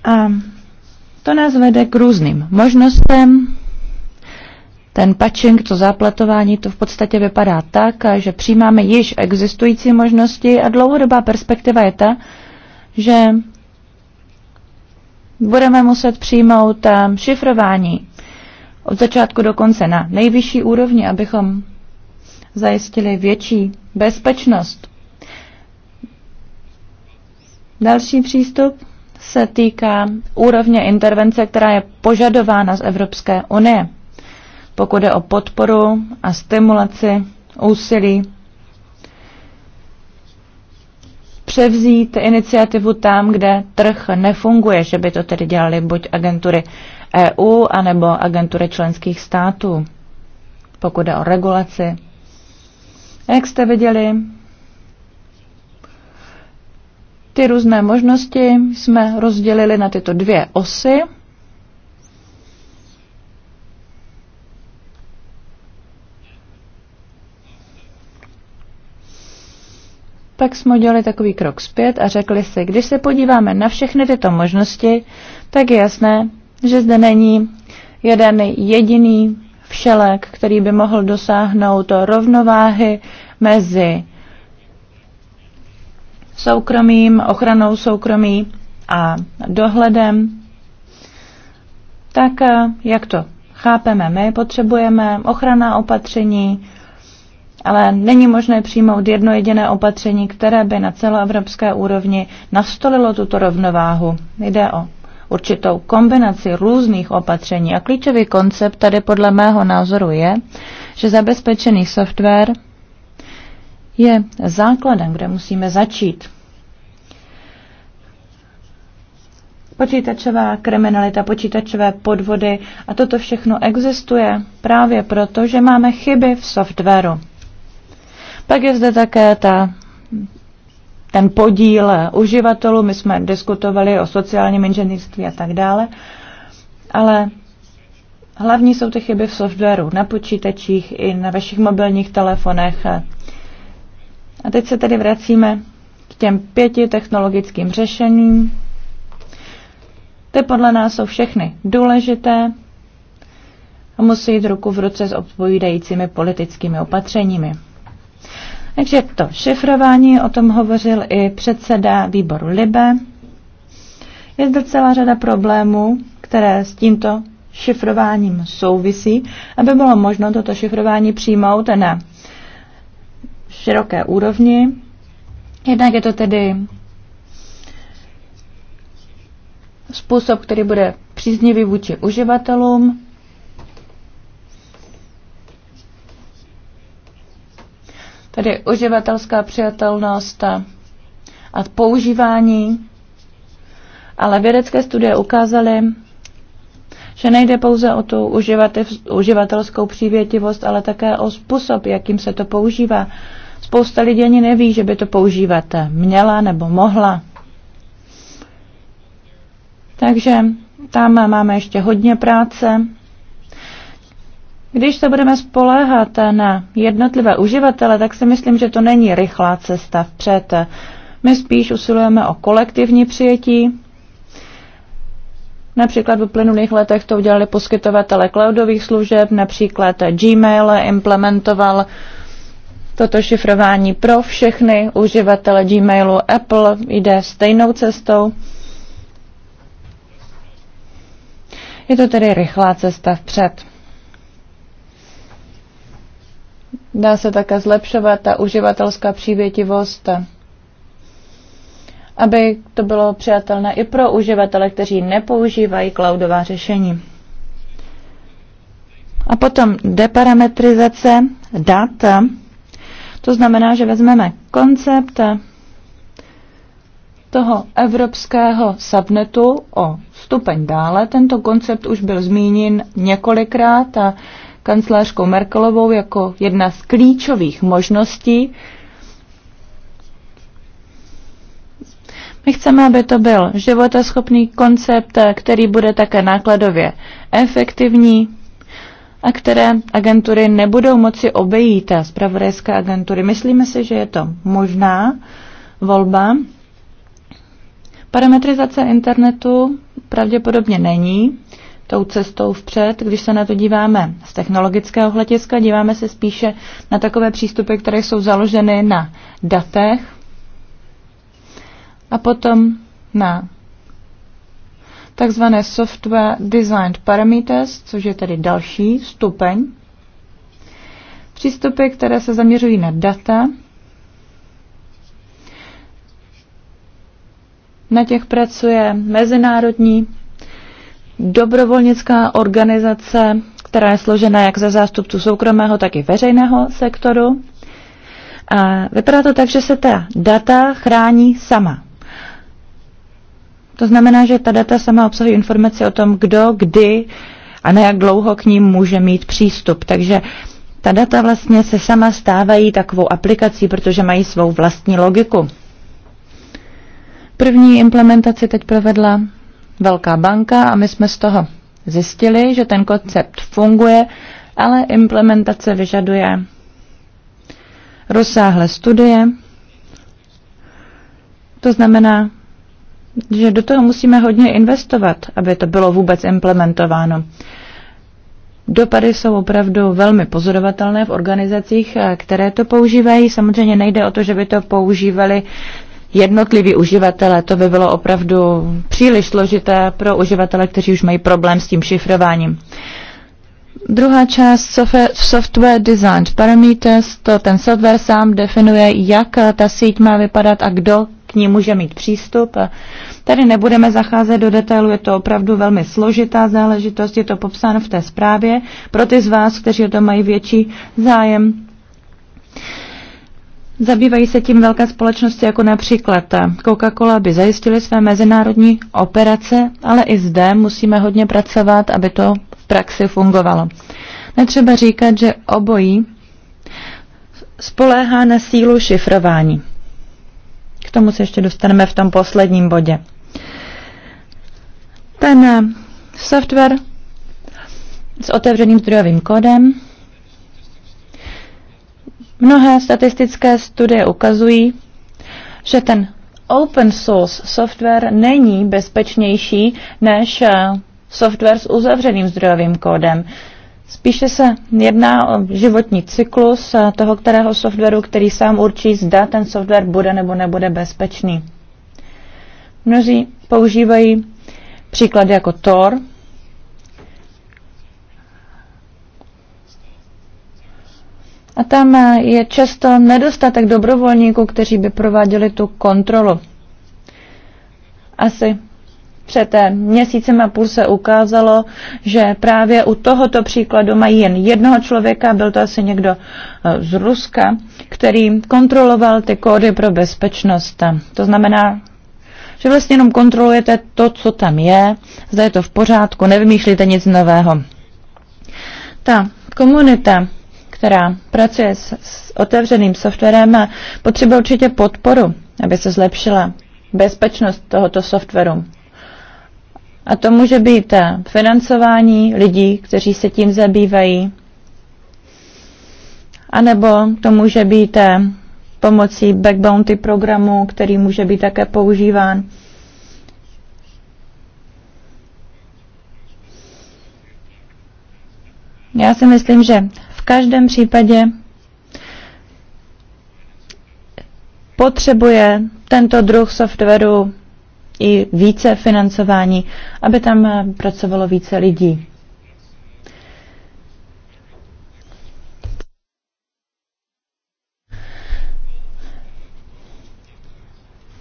A to nás vede k různým možnostem. Ten patching, to zaplatování, to v podstatě vypadá tak, že přijímáme již existující možnosti a dlouhodobá perspektiva je ta, že budeme muset přijmout eh, šifrování od začátku do konce na nejvyšší úrovni, abychom zajistili větší bezpečnost. Další přístup se týká úrovně intervence, která je požadována z Evropské unie, pokud je o podporu a stimulaci úsilí převzít iniciativu tam, kde trh nefunguje, že by to tedy dělali buď agentury EU, anebo agentury členských států, pokud je o regulaci jak jste viděli, ty různé možnosti jsme rozdělili na tyto dvě osy. Pak jsme udělali takový krok zpět a řekli si, když se podíváme na všechny tyto možnosti, tak je jasné, že zde není jeden jediný všelek, který by mohl dosáhnout rovnováhy mezi soukromým, ochranou soukromí a dohledem. Tak eh, jak to chápeme my, potřebujeme ochrana opatření, ale není možné přijmout jedno jediné opatření, které by na celoevropské úrovni nastolilo tuto rovnováhu. Jde o určitou kombinaci různých opatření. A klíčový koncept tady podle mého názoru je, že zabezpečený software je základem, kde musíme začít. Počítačová kriminalita, počítačové podvody a toto všechno existuje právě proto, že máme chyby v softwaru. Pak je zde také ta ten podíl uživatelů. My jsme diskutovali o sociálním inženýrství a tak dále. Ale hlavní jsou ty chyby v softwaru, na počítačích i na vašich mobilních telefonech. A teď se tedy vracíme k těm pěti technologickým řešením. Ty podle nás jsou všechny důležité a musí jít ruku v ruce s odpovídajícími politickými opatřeními. Takže to šifrování, o tom hovořil i předseda výboru Libe. Je zde celá řada problémů, které s tímto šifrováním souvisí, aby bylo možno toto šifrování přijmout na široké úrovni. Jednak je to tedy způsob, který bude příznivý vůči uživatelům, tedy uživatelská přijatelnost a používání, ale vědecké studie ukázaly, že nejde pouze o tu uživatelskou přívětivost, ale také o způsob, jakým se to používá. Spousta lidí ani neví, že by to používat měla nebo mohla. Takže tam máme ještě hodně práce. Když se budeme spoléhat na jednotlivé uživatele, tak si myslím, že to není rychlá cesta vpřed. My spíš usilujeme o kolektivní přijetí. Například v uplynulých letech to udělali poskytovatele cloudových služeb, například Gmail implementoval toto šifrování pro všechny uživatele Gmailu. Apple jde stejnou cestou. Je to tedy rychlá cesta vpřed. Dá se také zlepšovat ta uživatelská přívětivost, aby to bylo přijatelné i pro uživatele, kteří nepoužívají cloudová řešení. A potom deparametrizace dat. To znamená, že vezmeme koncept toho evropského subnetu o stupeň dále. Tento koncept už byl zmíněn několikrát a kancelářkou Merkelovou jako jedna z klíčových možností. My chceme, aby to byl životaschopný koncept, který bude také nákladově efektivní a které agentury nebudou moci obejít, a zpravodajské agentury. Myslíme si, že je to možná volba. Parametrizace internetu pravděpodobně není tou cestou vpřed, když se na to díváme z technologického hlediska, díváme se spíše na takové přístupy, které jsou založeny na datech a potom na takzvané software designed parameters, což je tedy další stupeň. Přístupy, které se zaměřují na data, na těch pracuje mezinárodní dobrovolnická organizace, která je složena jak ze zástupců soukromého, tak i veřejného sektoru. A vypadá to tak, že se ta data chrání sama. To znamená, že ta data sama obsahují informace o tom, kdo, kdy a na jak dlouho k ním může mít přístup. Takže ta data vlastně se sama stávají takovou aplikací, protože mají svou vlastní logiku. První implementaci teď provedla velká banka a my jsme z toho zjistili, že ten koncept funguje, ale implementace vyžaduje rozsáhlé studie. To znamená, že do toho musíme hodně investovat, aby to bylo vůbec implementováno. Dopady jsou opravdu velmi pozorovatelné v organizacích, které to používají. Samozřejmě nejde o to, že by to používali jednotliví uživatelé. To by bylo opravdu příliš složité pro uživatele, kteří už mají problém s tím šifrováním. Druhá část software design parameters, to ten software sám definuje, jak ta síť má vypadat a kdo k ní může mít přístup. Tady nebudeme zacházet do detailu, je to opravdu velmi složitá záležitost, je to popsáno v té zprávě. Pro ty z vás, kteří o to mají větší zájem, Zabývají se tím velké společnosti jako například Coca-Cola, aby zajistili své mezinárodní operace, ale i zde musíme hodně pracovat, aby to v praxi fungovalo. Netřeba říkat, že obojí spoléhá na sílu šifrování. K tomu se ještě dostaneme v tom posledním bodě. Ten software s otevřeným zdrojovým kódem Mnohé statistické studie ukazují, že ten open source software není bezpečnější než eh, software s uzavřeným zdrojovým kódem. Spíše se jedná o životní cyklus eh, toho, kterého softwaru, který sám určí, zda ten software bude nebo nebude bezpečný. Mnozí používají příklady jako Tor, A tam eh, je často nedostatek dobrovolníků, kteří by prováděli tu kontrolu. Asi před eh, měsícem a půl se ukázalo, že právě u tohoto příkladu mají jen jednoho člověka, byl to asi někdo eh, z Ruska, který kontroloval ty kódy pro bezpečnost. To znamená, že vlastně jenom kontrolujete to, co tam je, zda je to v pořádku, nevymýšlíte nic nového. Ta komunita která pracuje s, s otevřeným softwarem, potřebuje určitě podporu, aby se zlepšila bezpečnost tohoto softwaru. A to může být eh, financování lidí, kteří se tím zabývají, anebo to může být eh, pomocí backbounty programu, který může být také používán. Já si myslím, že každém případě potřebuje tento druh softwaru i více financování, aby tam pracovalo více lidí.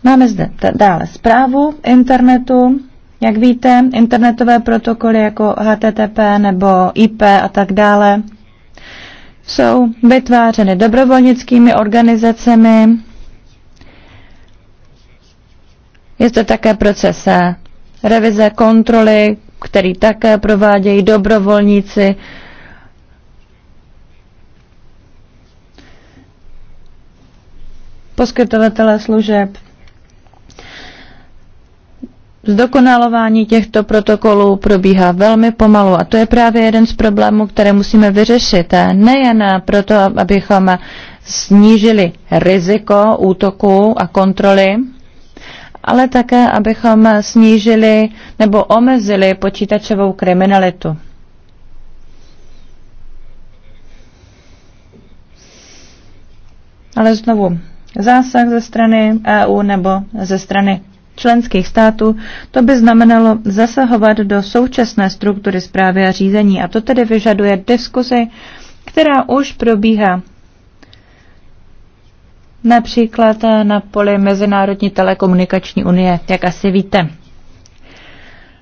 Máme zde dále zprávu internetu. Jak víte, internetové protokoly jako HTTP nebo IP a tak dále jsou vytvářeny dobrovolnickými organizacemi. Je to také proces eh, revize kontroly, který také provádějí dobrovolníci. Poskytovatelé služeb Zdokonalování těchto protokolů probíhá velmi pomalu a to je právě jeden z problémů, které musíme vyřešit. Eh, Nejen proto, abychom snížili riziko útoku a kontroly, ale také, abychom snížili nebo omezili počítačovou kriminalitu. Ale znovu, zásah ze strany EU nebo ze strany členských států, to by znamenalo zasahovat do současné struktury zprávy a řízení a to tedy vyžaduje diskuzi, která už probíhá například na poli Mezinárodní telekomunikační unie, jak asi víte.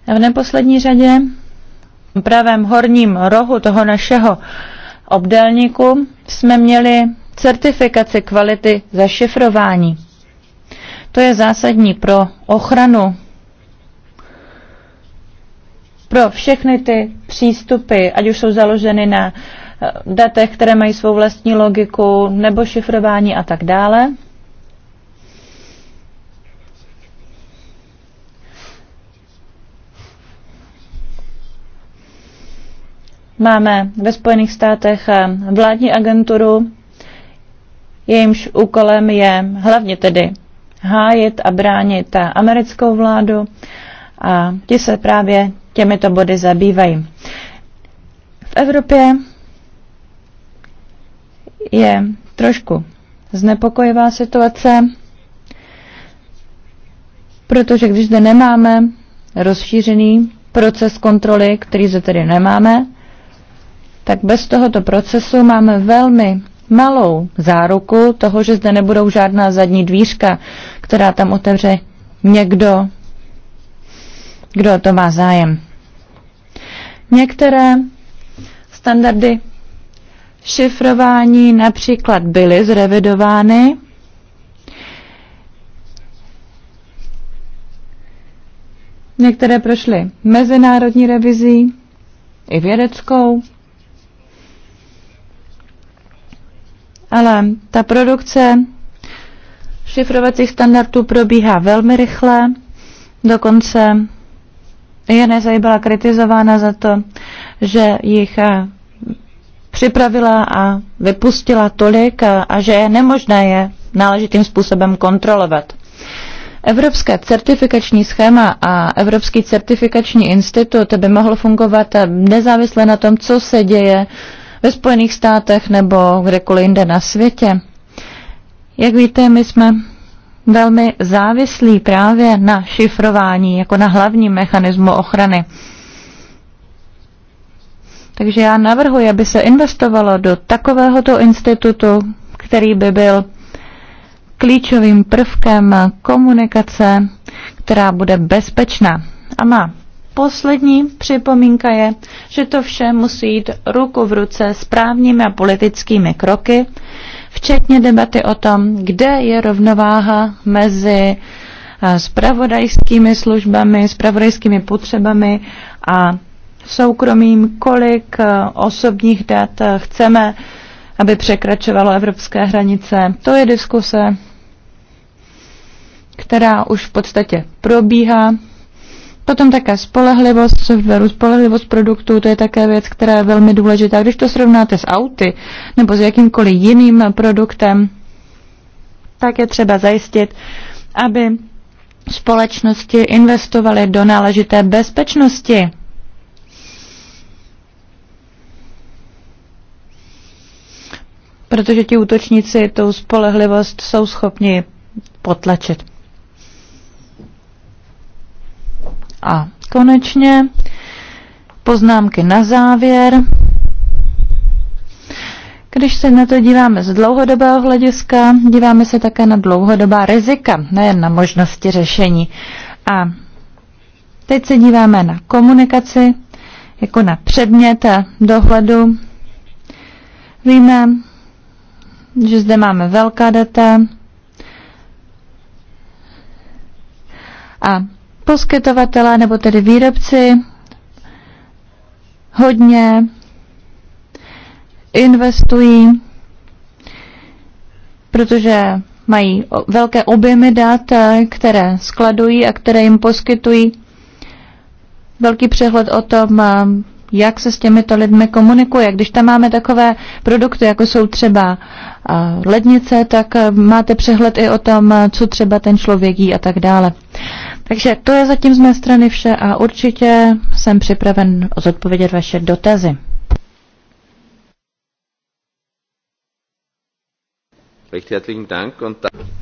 A v neposlední řadě v pravém horním rohu toho našeho obdélníku jsme měli certifikaci kvality zašifrování. To je zásadní pro ochranu pro všechny ty přístupy, ať už jsou založeny na eh, datech, které mají svou vlastní logiku, nebo šifrování a tak dále. Máme ve Spojených státech eh, vládní agenturu, jejímž úkolem je hlavně tedy hájit a bránit americkou vládu a ti se právě těmito body zabývají. V Evropě je trošku znepokojivá situace, protože když zde nemáme rozšířený proces kontroly, který zde tedy nemáme, tak bez tohoto procesu máme velmi malou záruku toho, že zde nebudou žádná zadní dvířka, která tam otevře někdo, kdo to má zájem. Některé standardy šifrování například byly zrevidovány. Některé prošly mezinárodní revizí i vědeckou. ale ta produkce šifrovacích standardů probíhá velmi rychle, dokonce INSA byla kritizována za to, že jich eh, připravila a vypustila tolik a, eh, a že je nemožné je náležitým způsobem kontrolovat. Evropské certifikační schéma a Evropský certifikační institut by mohl fungovat eh, nezávisle na tom, co se děje ve Spojených státech nebo kdekoliv jinde na světě. Jak víte, my jsme velmi závislí právě na šifrování jako na hlavní mechanismu ochrany. Takže já navrhuji, aby se investovalo do takovéhoto institutu, který by byl klíčovým prvkem komunikace, která bude bezpečná a má poslední připomínka je, že to vše musí jít ruku v ruce s právními a politickými kroky, včetně debaty o tom, kde je rovnováha mezi eh, spravodajskými službami, spravodajskými potřebami a soukromím, kolik eh, osobních dat eh, chceme, aby překračovalo evropské hranice. To je diskuse, která už v podstatě probíhá Potom také spolehlivost softwaru, spolehlivost produktů, to je také věc, která je velmi důležitá. Když to srovnáte s auty nebo s jakýmkoliv jiným produktem, tak je třeba zajistit, aby společnosti investovaly do náležité bezpečnosti. Protože ti útočníci tou spolehlivost jsou schopni potlačit. A konečně poznámky na závěr. Když se na to díváme z dlouhodobého hlediska, díváme se také na dlouhodobá rizika, nejen na možnosti řešení. A teď se díváme na komunikaci jako na předmět a dohledu. Víme, že zde máme velká data a poskytovatelé nebo tedy výrobci hodně investují, protože mají velké objemy dat, eh, které skladují a které jim poskytují velký přehled o tom, eh, jak se s těmito lidmi komunikuje. Když tam máme takové produkty, jako jsou třeba eh, lednice, tak máte přehled i o tom, co třeba ten člověk jí a tak dále. Takže to je zatím z mé strany vše a určitě jsem připraven zodpovědět vaše dotazy.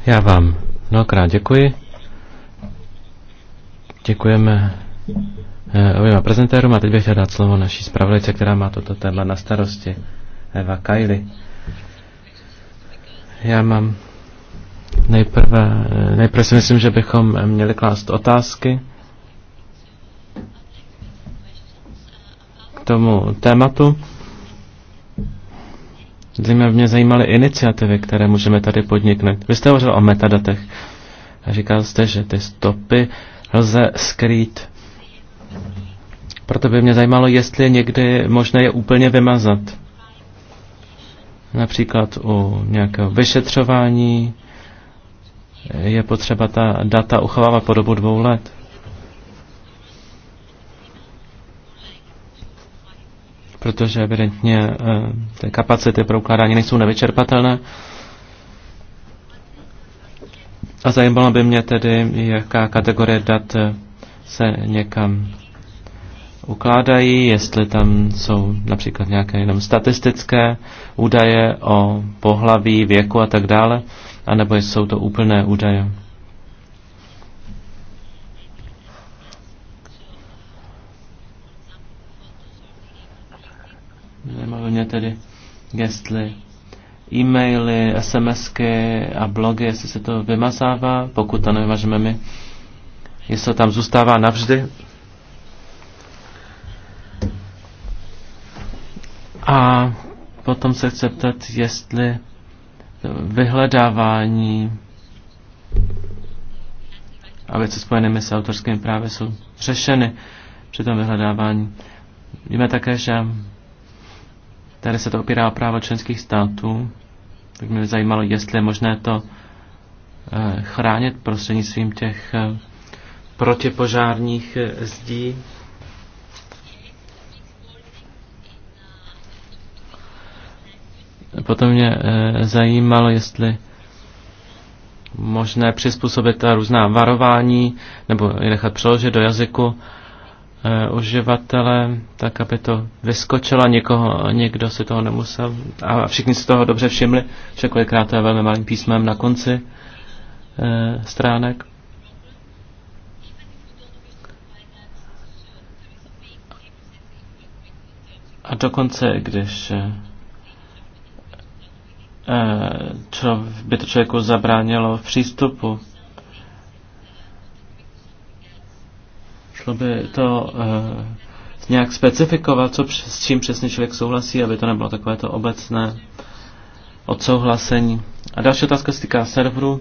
Já vám mnohokrát děkuji. Děkujeme eh, oběma prezentérům a teď bych chtěl dát slovo naší zpravodajce, která má toto téma na starosti, Eva Kajli. Já mám Nejprve, nejprve si myslím, že bychom měli klást otázky k tomu tématu. Zajímá mě zajímaly iniciativy, které můžeme tady podniknout. Vy jste hovořil o metadatech a říkal jste, že ty stopy lze skrýt. Proto by mě zajímalo, jestli je někdy možné je úplně vymazat. Například u nějakého vyšetřování, je potřeba ta data uchovávat po dobu dvou let. Protože evidentně eh, ty kapacity pro ukládání nejsou nevyčerpatelné. A zajímalo by mě tedy, jaká kategorie dat eh, se někam ukládají, jestli tam jsou například nějaké jenom statistické údaje o pohlaví, věku a tak dále anebo jsou to úplné údaje. Zajímalo mě tedy, jestli e-maily, SMSky a blogy, jestli se to vymazává, pokud to nevymažeme my, jestli to tam zůstává navždy. A potom se chce ptat, jestli vyhledávání a věci spojenými s autorskými právy jsou řešeny při tom vyhledávání. Víme také, že tady se to opírá o právo členských států, tak mě zajímalo, jestli je možné to eh, chránit prostřednictvím těch eh, protipožárních eh, zdí. Potom mě eh, zajímalo, jestli možné přizpůsobit ta různá varování nebo je nechat přeložit do jazyku e, uživatele, tak aby to vyskočilo, někoho, někdo si toho nemusel a všichni si toho dobře všimli, že kolikrát to je velmi malým písmem na konci e, stránek. A dokonce, když Eh, co by to člověku zabránilo v přístupu. Šlo by to eh, nějak specifikovat, co, s čím přesně člověk souhlasí, aby to nebylo takové to obecné odsouhlasení. A další otázka se týká serveru.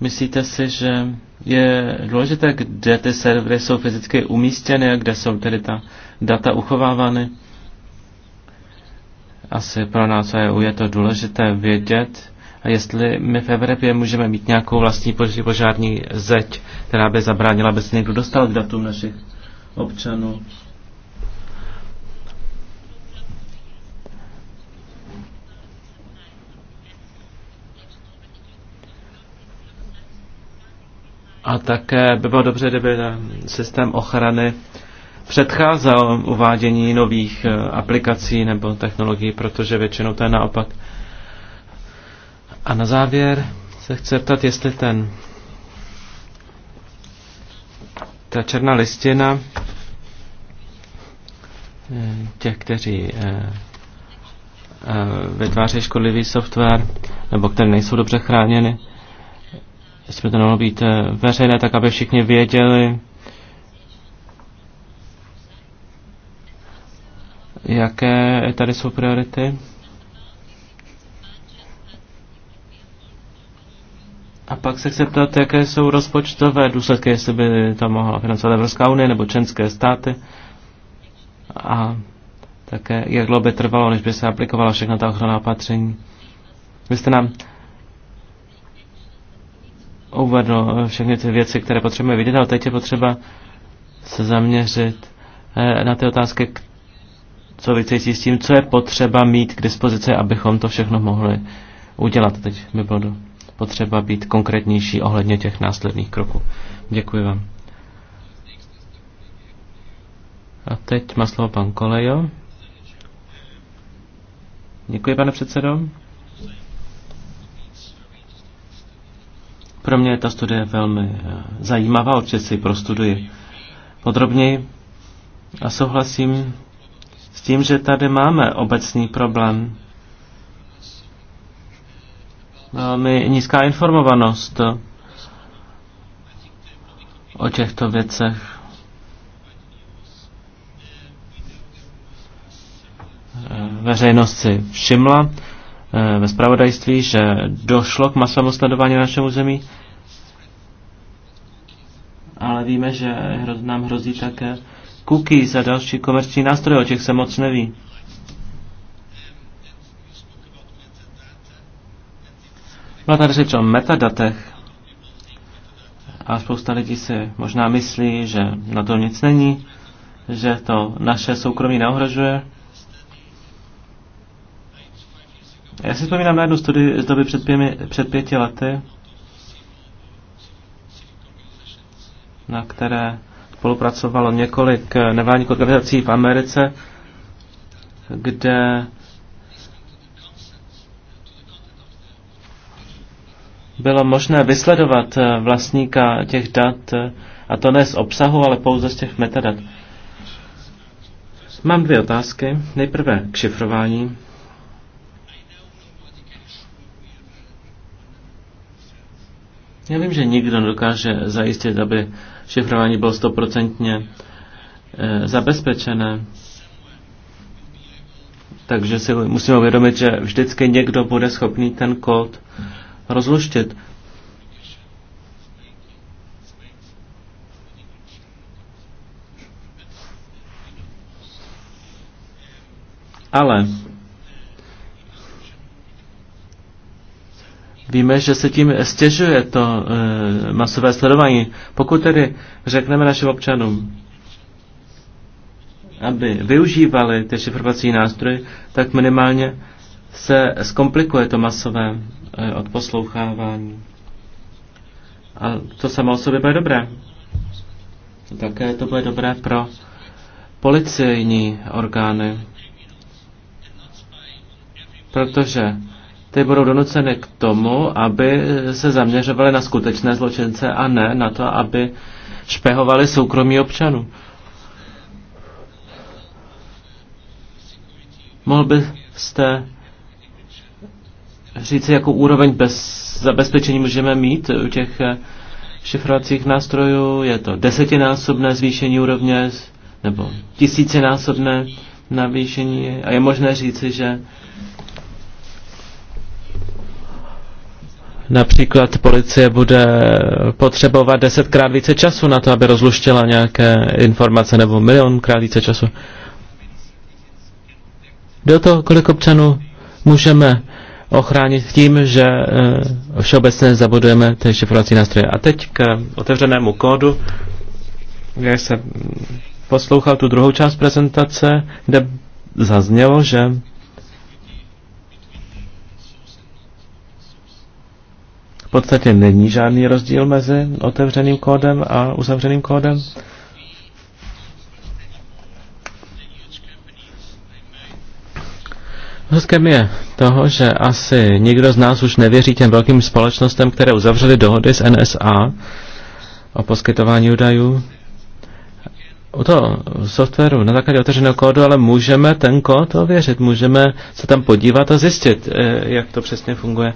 Myslíte si, že je důležité, kde ty servery jsou fyzicky umístěny a kde jsou tedy ta data uchovávány? Asi pro nás EU je to důležité vědět, a jestli my v Evropě můžeme mít nějakou vlastní požární zeď, která by zabránila, aby se někdo dostal k datům našich občanů. A také by bylo dobře, kdyby systém ochrany předcházel uvádění nových eh, aplikací nebo technologií, protože většinou to je naopak. A na závěr se chci ptat, jestli ten ta černá listina eh, těch, kteří eh, vytvářejí škodlivý software, nebo které nejsou dobře chráněny, jestli by to mohlo být veřejné, tak aby všichni věděli, Jaké tady jsou priority? A pak se chci ptát, jaké jsou rozpočtové důsledky, jestli by to mohla financovat Evropská unie nebo členské státy. A také, jak dlouho by trvalo, než by se aplikovala všechna ta ochranná opatření. Vy jste nám uvedl všechny ty věci, které potřebujeme vidět, ale teď je potřeba se zaměřit eh, na ty otázky, související s tím, co je potřeba mít k dispozici, abychom to všechno mohli udělat. Teď by bylo potřeba být konkrétnější ohledně těch následných kroků. Děkuji vám. A teď má slovo pan Kolejo. Děkuji, pane předsedo. Pro mě je ta studie velmi eh, zajímavá, určitě si ji prostuduji podrobněji a souhlasím tím, že tady máme obecný problém. Velmi nízká informovanost o těchto věcech. Veřejnost si všimla eh, ve zpravodajství, že došlo k masovému sledování na našem území, ale víme, že nám hrozí také cookies a další komerční nástroje, o těch se moc neví. Byla tady řeč o metadatech a spousta lidí si možná myslí, že na to nic není, že to naše soukromí neohrožuje. Já si vzpomínám na jednu studii z doby před, pěmi, před pěti lety, na které spolupracovalo několik eh, nevládních organizací v Americe, kde bylo možné vysledovat eh, vlastníka těch dat, eh, a to ne z obsahu, ale pouze z těch metadat. Mám dvě otázky. Nejprve k šifrování. Já vím, že nikdo dokáže zajistit, aby šifrování bylo stoprocentně eh, zabezpečené. Takže si musíme uvědomit, že vždycky někdo bude schopný ten kód rozluštit. Ale Víme, že se tím stěžuje to e, masové sledování. Pokud tedy řekneme našim občanům, aby využívali ty šifrovací nástroje, tak minimálně se zkomplikuje to masové e, odposlouchávání. A to samo o sobě bude dobré. Také to bude dobré pro policejní orgány. Protože ty budou donuceny k tomu, aby se zaměřovaly na skutečné zločince a ne na to, aby špehovali soukromí občanů. Mohl byste říci, jakou úroveň bez zabezpečení můžeme mít u těch eh, šifrovacích nástrojů? Je to desetinásobné zvýšení úrovně nebo tisícinásobné navýšení? A je možné říci, že Například policie bude potřebovat desetkrát více času na to, aby rozluštila nějaké informace, nebo milionkrát více času. Do toho, kolik občanů můžeme ochránit tím, že eh, všeobecně zabudujeme ty šifrovací nástroje. A teď k otevřenému kódu, kde jsem poslouchal tu druhou část prezentace, kde zaznělo, že podstatě není žádný rozdíl mezi otevřeným kódem a uzavřeným kódem. Hezkem je toho, že asi nikdo z nás už nevěří těm velkým společnostem, které uzavřely dohody s NSA o poskytování údajů. U toho softwaru na základě otevřeného kódu, ale můžeme ten kód ověřit, můžeme se tam podívat a zjistit, eh, jak to přesně funguje.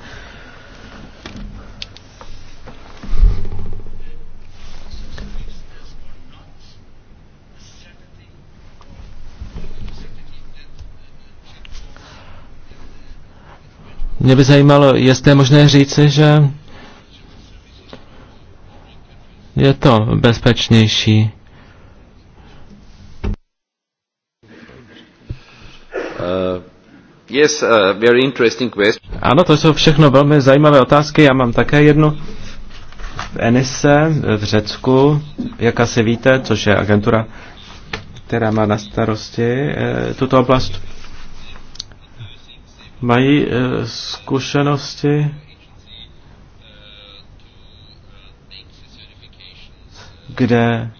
Mě by zajímalo, jestli je možné říci, že je to bezpečnější. Uh, yes, uh, very interesting question. Ano, to jsou všechno velmi zajímavé otázky. Já mám také jednu. V Enise v Řecku, jak asi víte, což je agentura, která má na starosti uh, tuto oblast, mají eh, zkušenosti, kde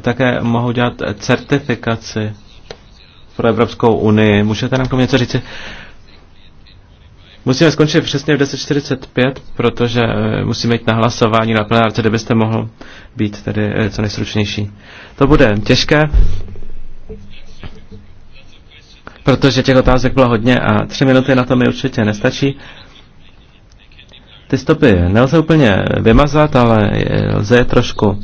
také mohou dělat certifikaci pro Evropskou unii. Můžete nám k tomu něco říct? Musíme skončit přesně v 10.45, protože eh, musíme jít na hlasování na plenárce, kde byste mohl být tedy eh, co nejstručnější. To bude těžké protože těch otázek bylo hodně a tři minuty na to mi určitě nestačí. Ty stopy nelze úplně vymazat, ale lze je trošku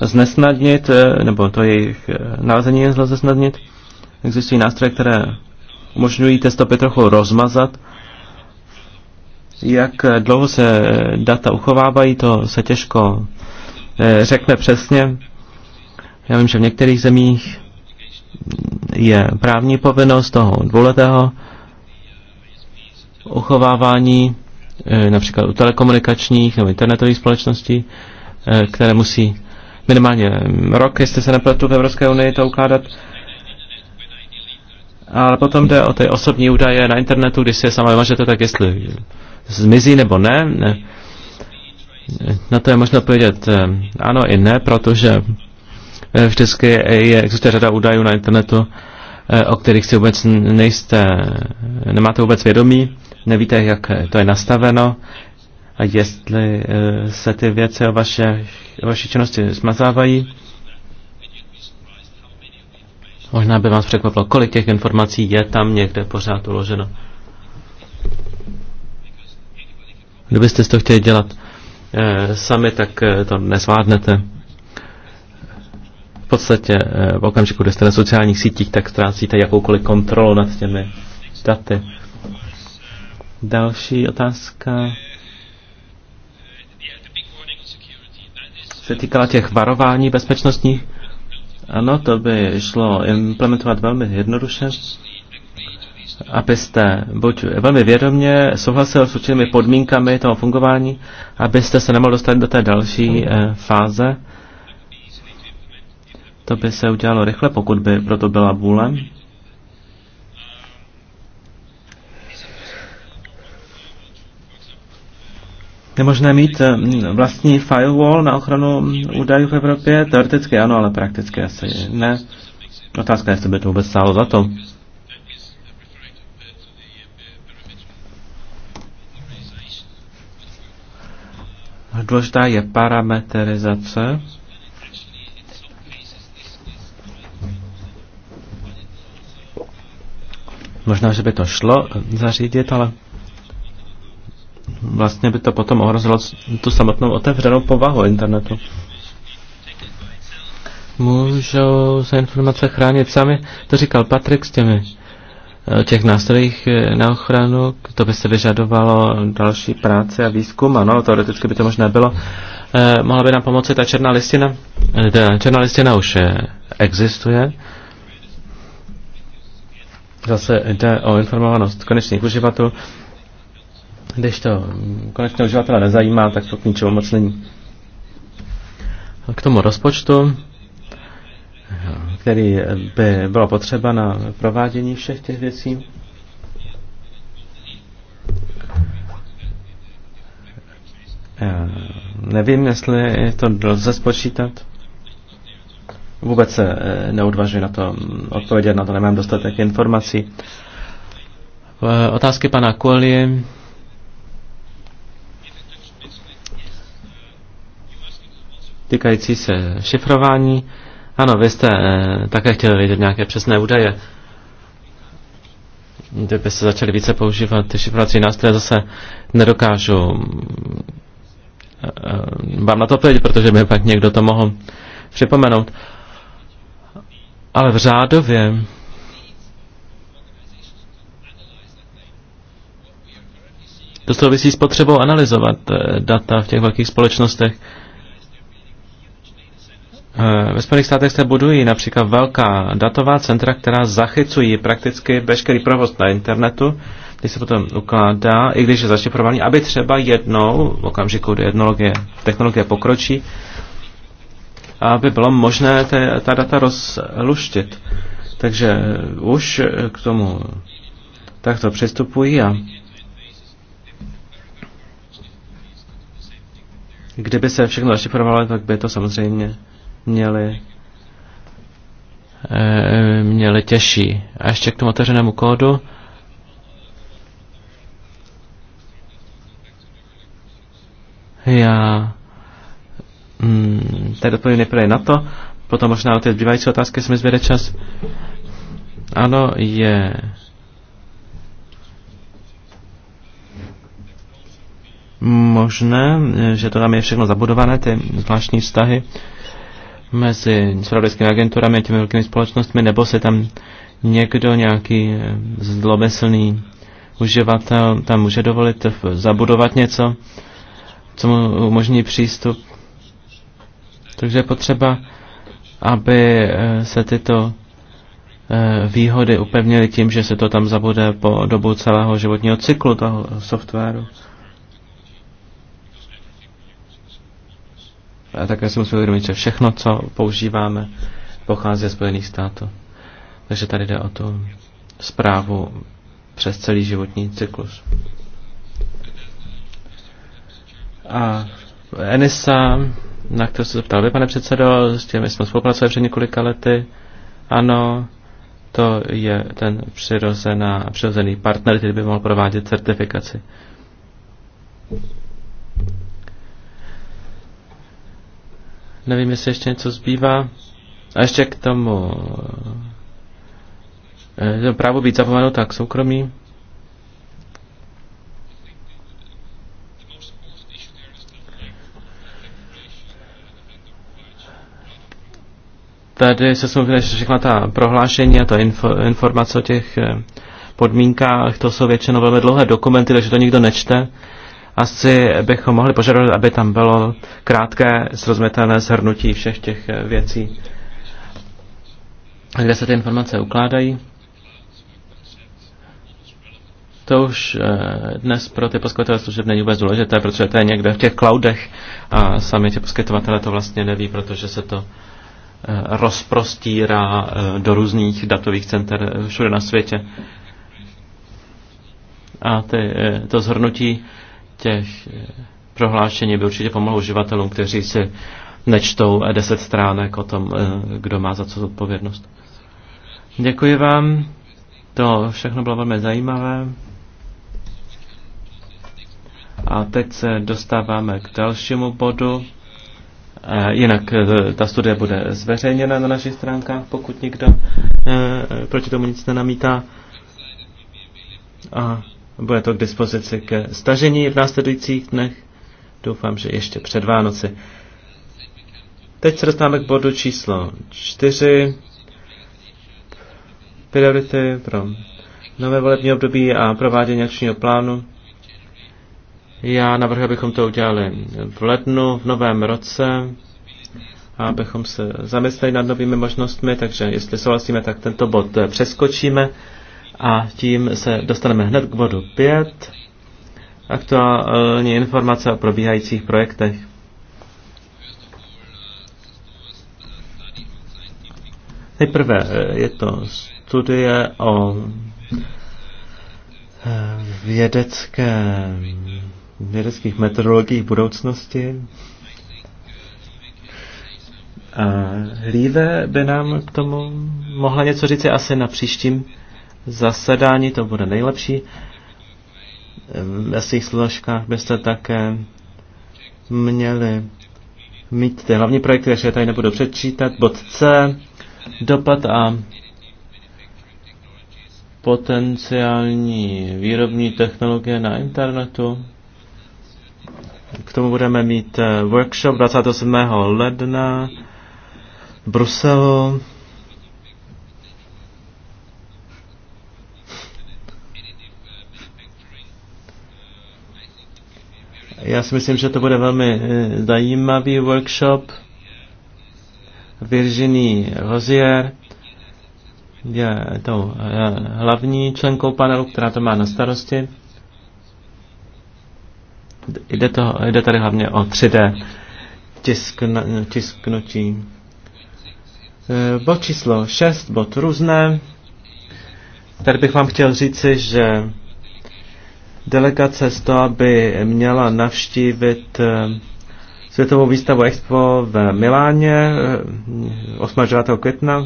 znesnadnit, eh, nebo to jejich eh, nalezení lze znesnadnit. Existují nástroje, které umožňují ty stopy trochu rozmazat. Jak eh, dlouho se data uchovávají, to se těžko řekne přesně. Já vím, že v některých zemích je právní povinnost toho dvouletého uchovávání, e, například u telekomunikačních nebo internetových společností, e, které musí minimálně rok, jestli se nepletu v Evropské unii, to ukládat. Ale potom jde o ty osobní údaje na internetu, když si je sama vymažete, tak jestli zmizí nebo ne. Na to je možno odpovědět e, ano i ne, protože Eh, vždycky je, existuje řada údajů na internetu, eh, o kterých si vůbec nejste, nemáte vůbec vědomí, nevíte, jak to je nastaveno a jestli eh, se ty věci o, vaše, o vaší činnosti smazávají. Možná by vás překvapilo, kolik těch informací je tam někde pořád uloženo. Kdybyste to chtěli dělat e, sami, tak to nezvládnete podstatě eh, v okamžiku, kdy jste na sociálních sítích, tak ztrácíte jakoukoliv kontrolu nad těmi daty. Další otázka se týkala těch varování bezpečnostních. Ano, to by šlo implementovat velmi jednoduše, abyste buď velmi vědomě souhlasil s určitými podmínkami toho fungování, abyste se nemohl dostat do té další eh, fáze to by se udělalo rychle, pokud by proto byla vůle. Je možné mít eh, vlastní firewall na ochranu údajů v Evropě? Teoreticky ano, ale prakticky asi ne. Otázka je, jestli by to vůbec stálo za to. Důležitá je parametrizace. Možná, že by to šlo zařídit, ale vlastně by to potom ohrozilo tu samotnou otevřenou povahu internetu. Můžou se informace chránit sami, to říkal Patrik s těmi eh, těch nástrojích eh, na ochranu, to by se vyžadovalo další práce a výzkum, ano, teoreticky by to možná bylo. Eh, mohla by nám pomoci ta černá listina? Eh, ta černá listina už existuje, Zase jde o informovanost konečných uživatelů. Když to konečného uživatele nezajímá, tak to k ničemu moc není. K tomu rozpočtu, který by bylo potřeba na provádění všech těch věcí, Já nevím, jestli to lze spočítat. Vůbec se eh, neodvažuji na to mm, odpovědět, na to nemám dostatek informací. Eh, otázky pana Kolie. Týkající se šifrování. Ano, vy jste eh, také chtěli vědět nějaké přesné údaje. Kdyby se začaly více používat ty šifrovací nástroje, zase nedokážu vám na to odpovědět, protože by pak někdo to mohl připomenout. Uh, ale v řádově to souvisí s potřebou analyzovat eh, data v těch velkých společnostech. Eh, ve Spojených státech se budují například velká datová centra, která zachycují prakticky veškerý provoz na internetu, když se potom ukládá, i když je zašifrovaný, aby třeba jednou, v okamžiku, kdy technologie pokročí, aby bylo možné te, ta data rozluštit. Takže už k tomu takto přistupují a kdyby se všechno zašifrovalo, tak by to samozřejmě měli eh, měli těžší. A ještě k tomu otevřenému kódu. Já mm, tady odpovím nejprve na to, potom možná na ty zbývající otázky jestli mi zběde čas. Ano, je... možné, že to tam je všechno zabudované, ty zvláštní vztahy mezi spravodajskými agenturami a těmi velkými společnostmi, nebo se tam někdo, nějaký eh, zlomyslný uživatel tam může dovolit zabudovat něco, co mu umožní přístup takže je potřeba, aby eh, se tyto eh, výhody upevnily tím, že se to tam zabude po dobu celého životního cyklu toho softwaru. A také si musíme uvědomit, že všechno, co používáme, pochází ze Spojených států. Takže tady jde o tu zprávu přes celý životní cyklus. A ENISA na kterou se zeptal vy, pane předsedo, s těmi jsme spolupracovali před několika lety. Ano, to je ten přirozená, přirozený partner, který by mohl provádět certifikaci. Nevím, jestli ještě něco zbývá. A ještě k tomu eh, no, právo být zapomenut tak soukromí. Tady se jsou všechna ta prohlášení a ta info, informace o těch eh, podmínkách, to jsou většinou velmi dlouhé dokumenty, takže to nikdo nečte. Asi bychom mohli požadovat, aby tam bylo krátké, srozumitelné shrnutí všech těch eh, věcí, kde se ty informace ukládají. To už eh, dnes pro ty poskytovatele služeb není vůbec důležité, protože to je někde v těch cloudech a sami ti poskytovatele to vlastně neví, protože se to Eh, rozprostírá eh, do různých datových center eh, všude na světě. A ty, to zhrnutí těch prohlášení by určitě pomohlo uživatelům, kteří si nečtou deset stránek o tom, kdo má za co zodpovědnost. Děkuji vám. To všechno bylo velmi zajímavé. A teď se dostáváme k dalšímu bodu. Eh, jinak eh, ta studie bude zveřejněna na našich stránkách, pokud někdo eh, proti tomu nic nenamítá. A bude to k dispozici ke stažení v následujících dnech. Doufám, že ještě před Vánoci. Teď se dostáváme k bodu číslo čtyři. Priority pro nové volební období a provádění akčního plánu. Já navrhuji, abychom to udělali v lednu, v novém roce, a abychom se zamysleli nad novými možnostmi, takže jestli souhlasíme, tak tento bod přeskočíme a tím se dostaneme hned k bodu 5. Aktuální informace o probíhajících projektech. Nejprve je to studie o vědeckém vědeckých metodologiích budoucnosti. A Líve by nám k tomu mohla něco říct asi na příštím zasedání, to bude nejlepší. Ve svých složkách byste také měli mít ty hlavní projekty, takže tady nebudu předčítat. Bod C, dopad a potenciální výrobní technologie na internetu. K tomu budeme mít eh, workshop 27. ledna v Bruselu. Já si myslím, že to bude velmi eh, zajímavý workshop. Virginie Rozier je tou eh, hlavní členkou panelu, která to má na starosti. Jde, to, jde tady hlavně o 3D tiskn, tisknutí. E, bod číslo 6, bod různé. Tady bych vám chtěl říci, že delegace z toho aby měla navštívit e, světovou výstavu Expo v Miláně 8. E, 9. května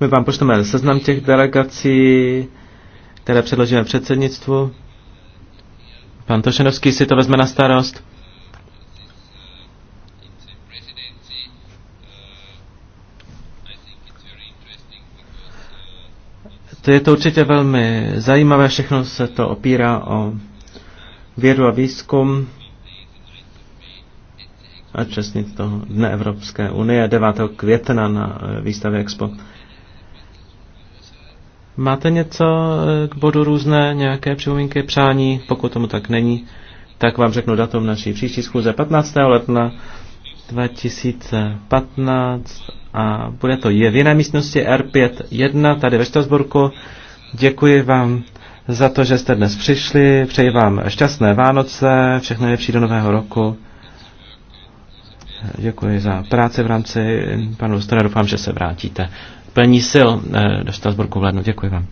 My vám pošleme seznam těch delegací, které předložíme předsednictvu. Pan Tošenovský si to vezme na starost. To je to určitě velmi zajímavé, všechno se to opírá o vědu a výzkum a přesně toho Dne Evropské unie 9. května na výstavě Expo. Máte něco eh, k bodu různé, nějaké připomínky, přání? Pokud tomu tak není, tak vám řeknu datum naší příští schůze 15. ledna 2015 a bude to je v jiné místnosti R5.1 tady ve Štrasburku. Děkuji vám za to, že jste dnes přišli. Přeji vám šťastné Vánoce, všechno nejlepší do nového roku. Děkuji za práci v rámci panu Stora. Doufám, že se vrátíte plní sil eh, do Strasburku v lednu. Děkuji vám.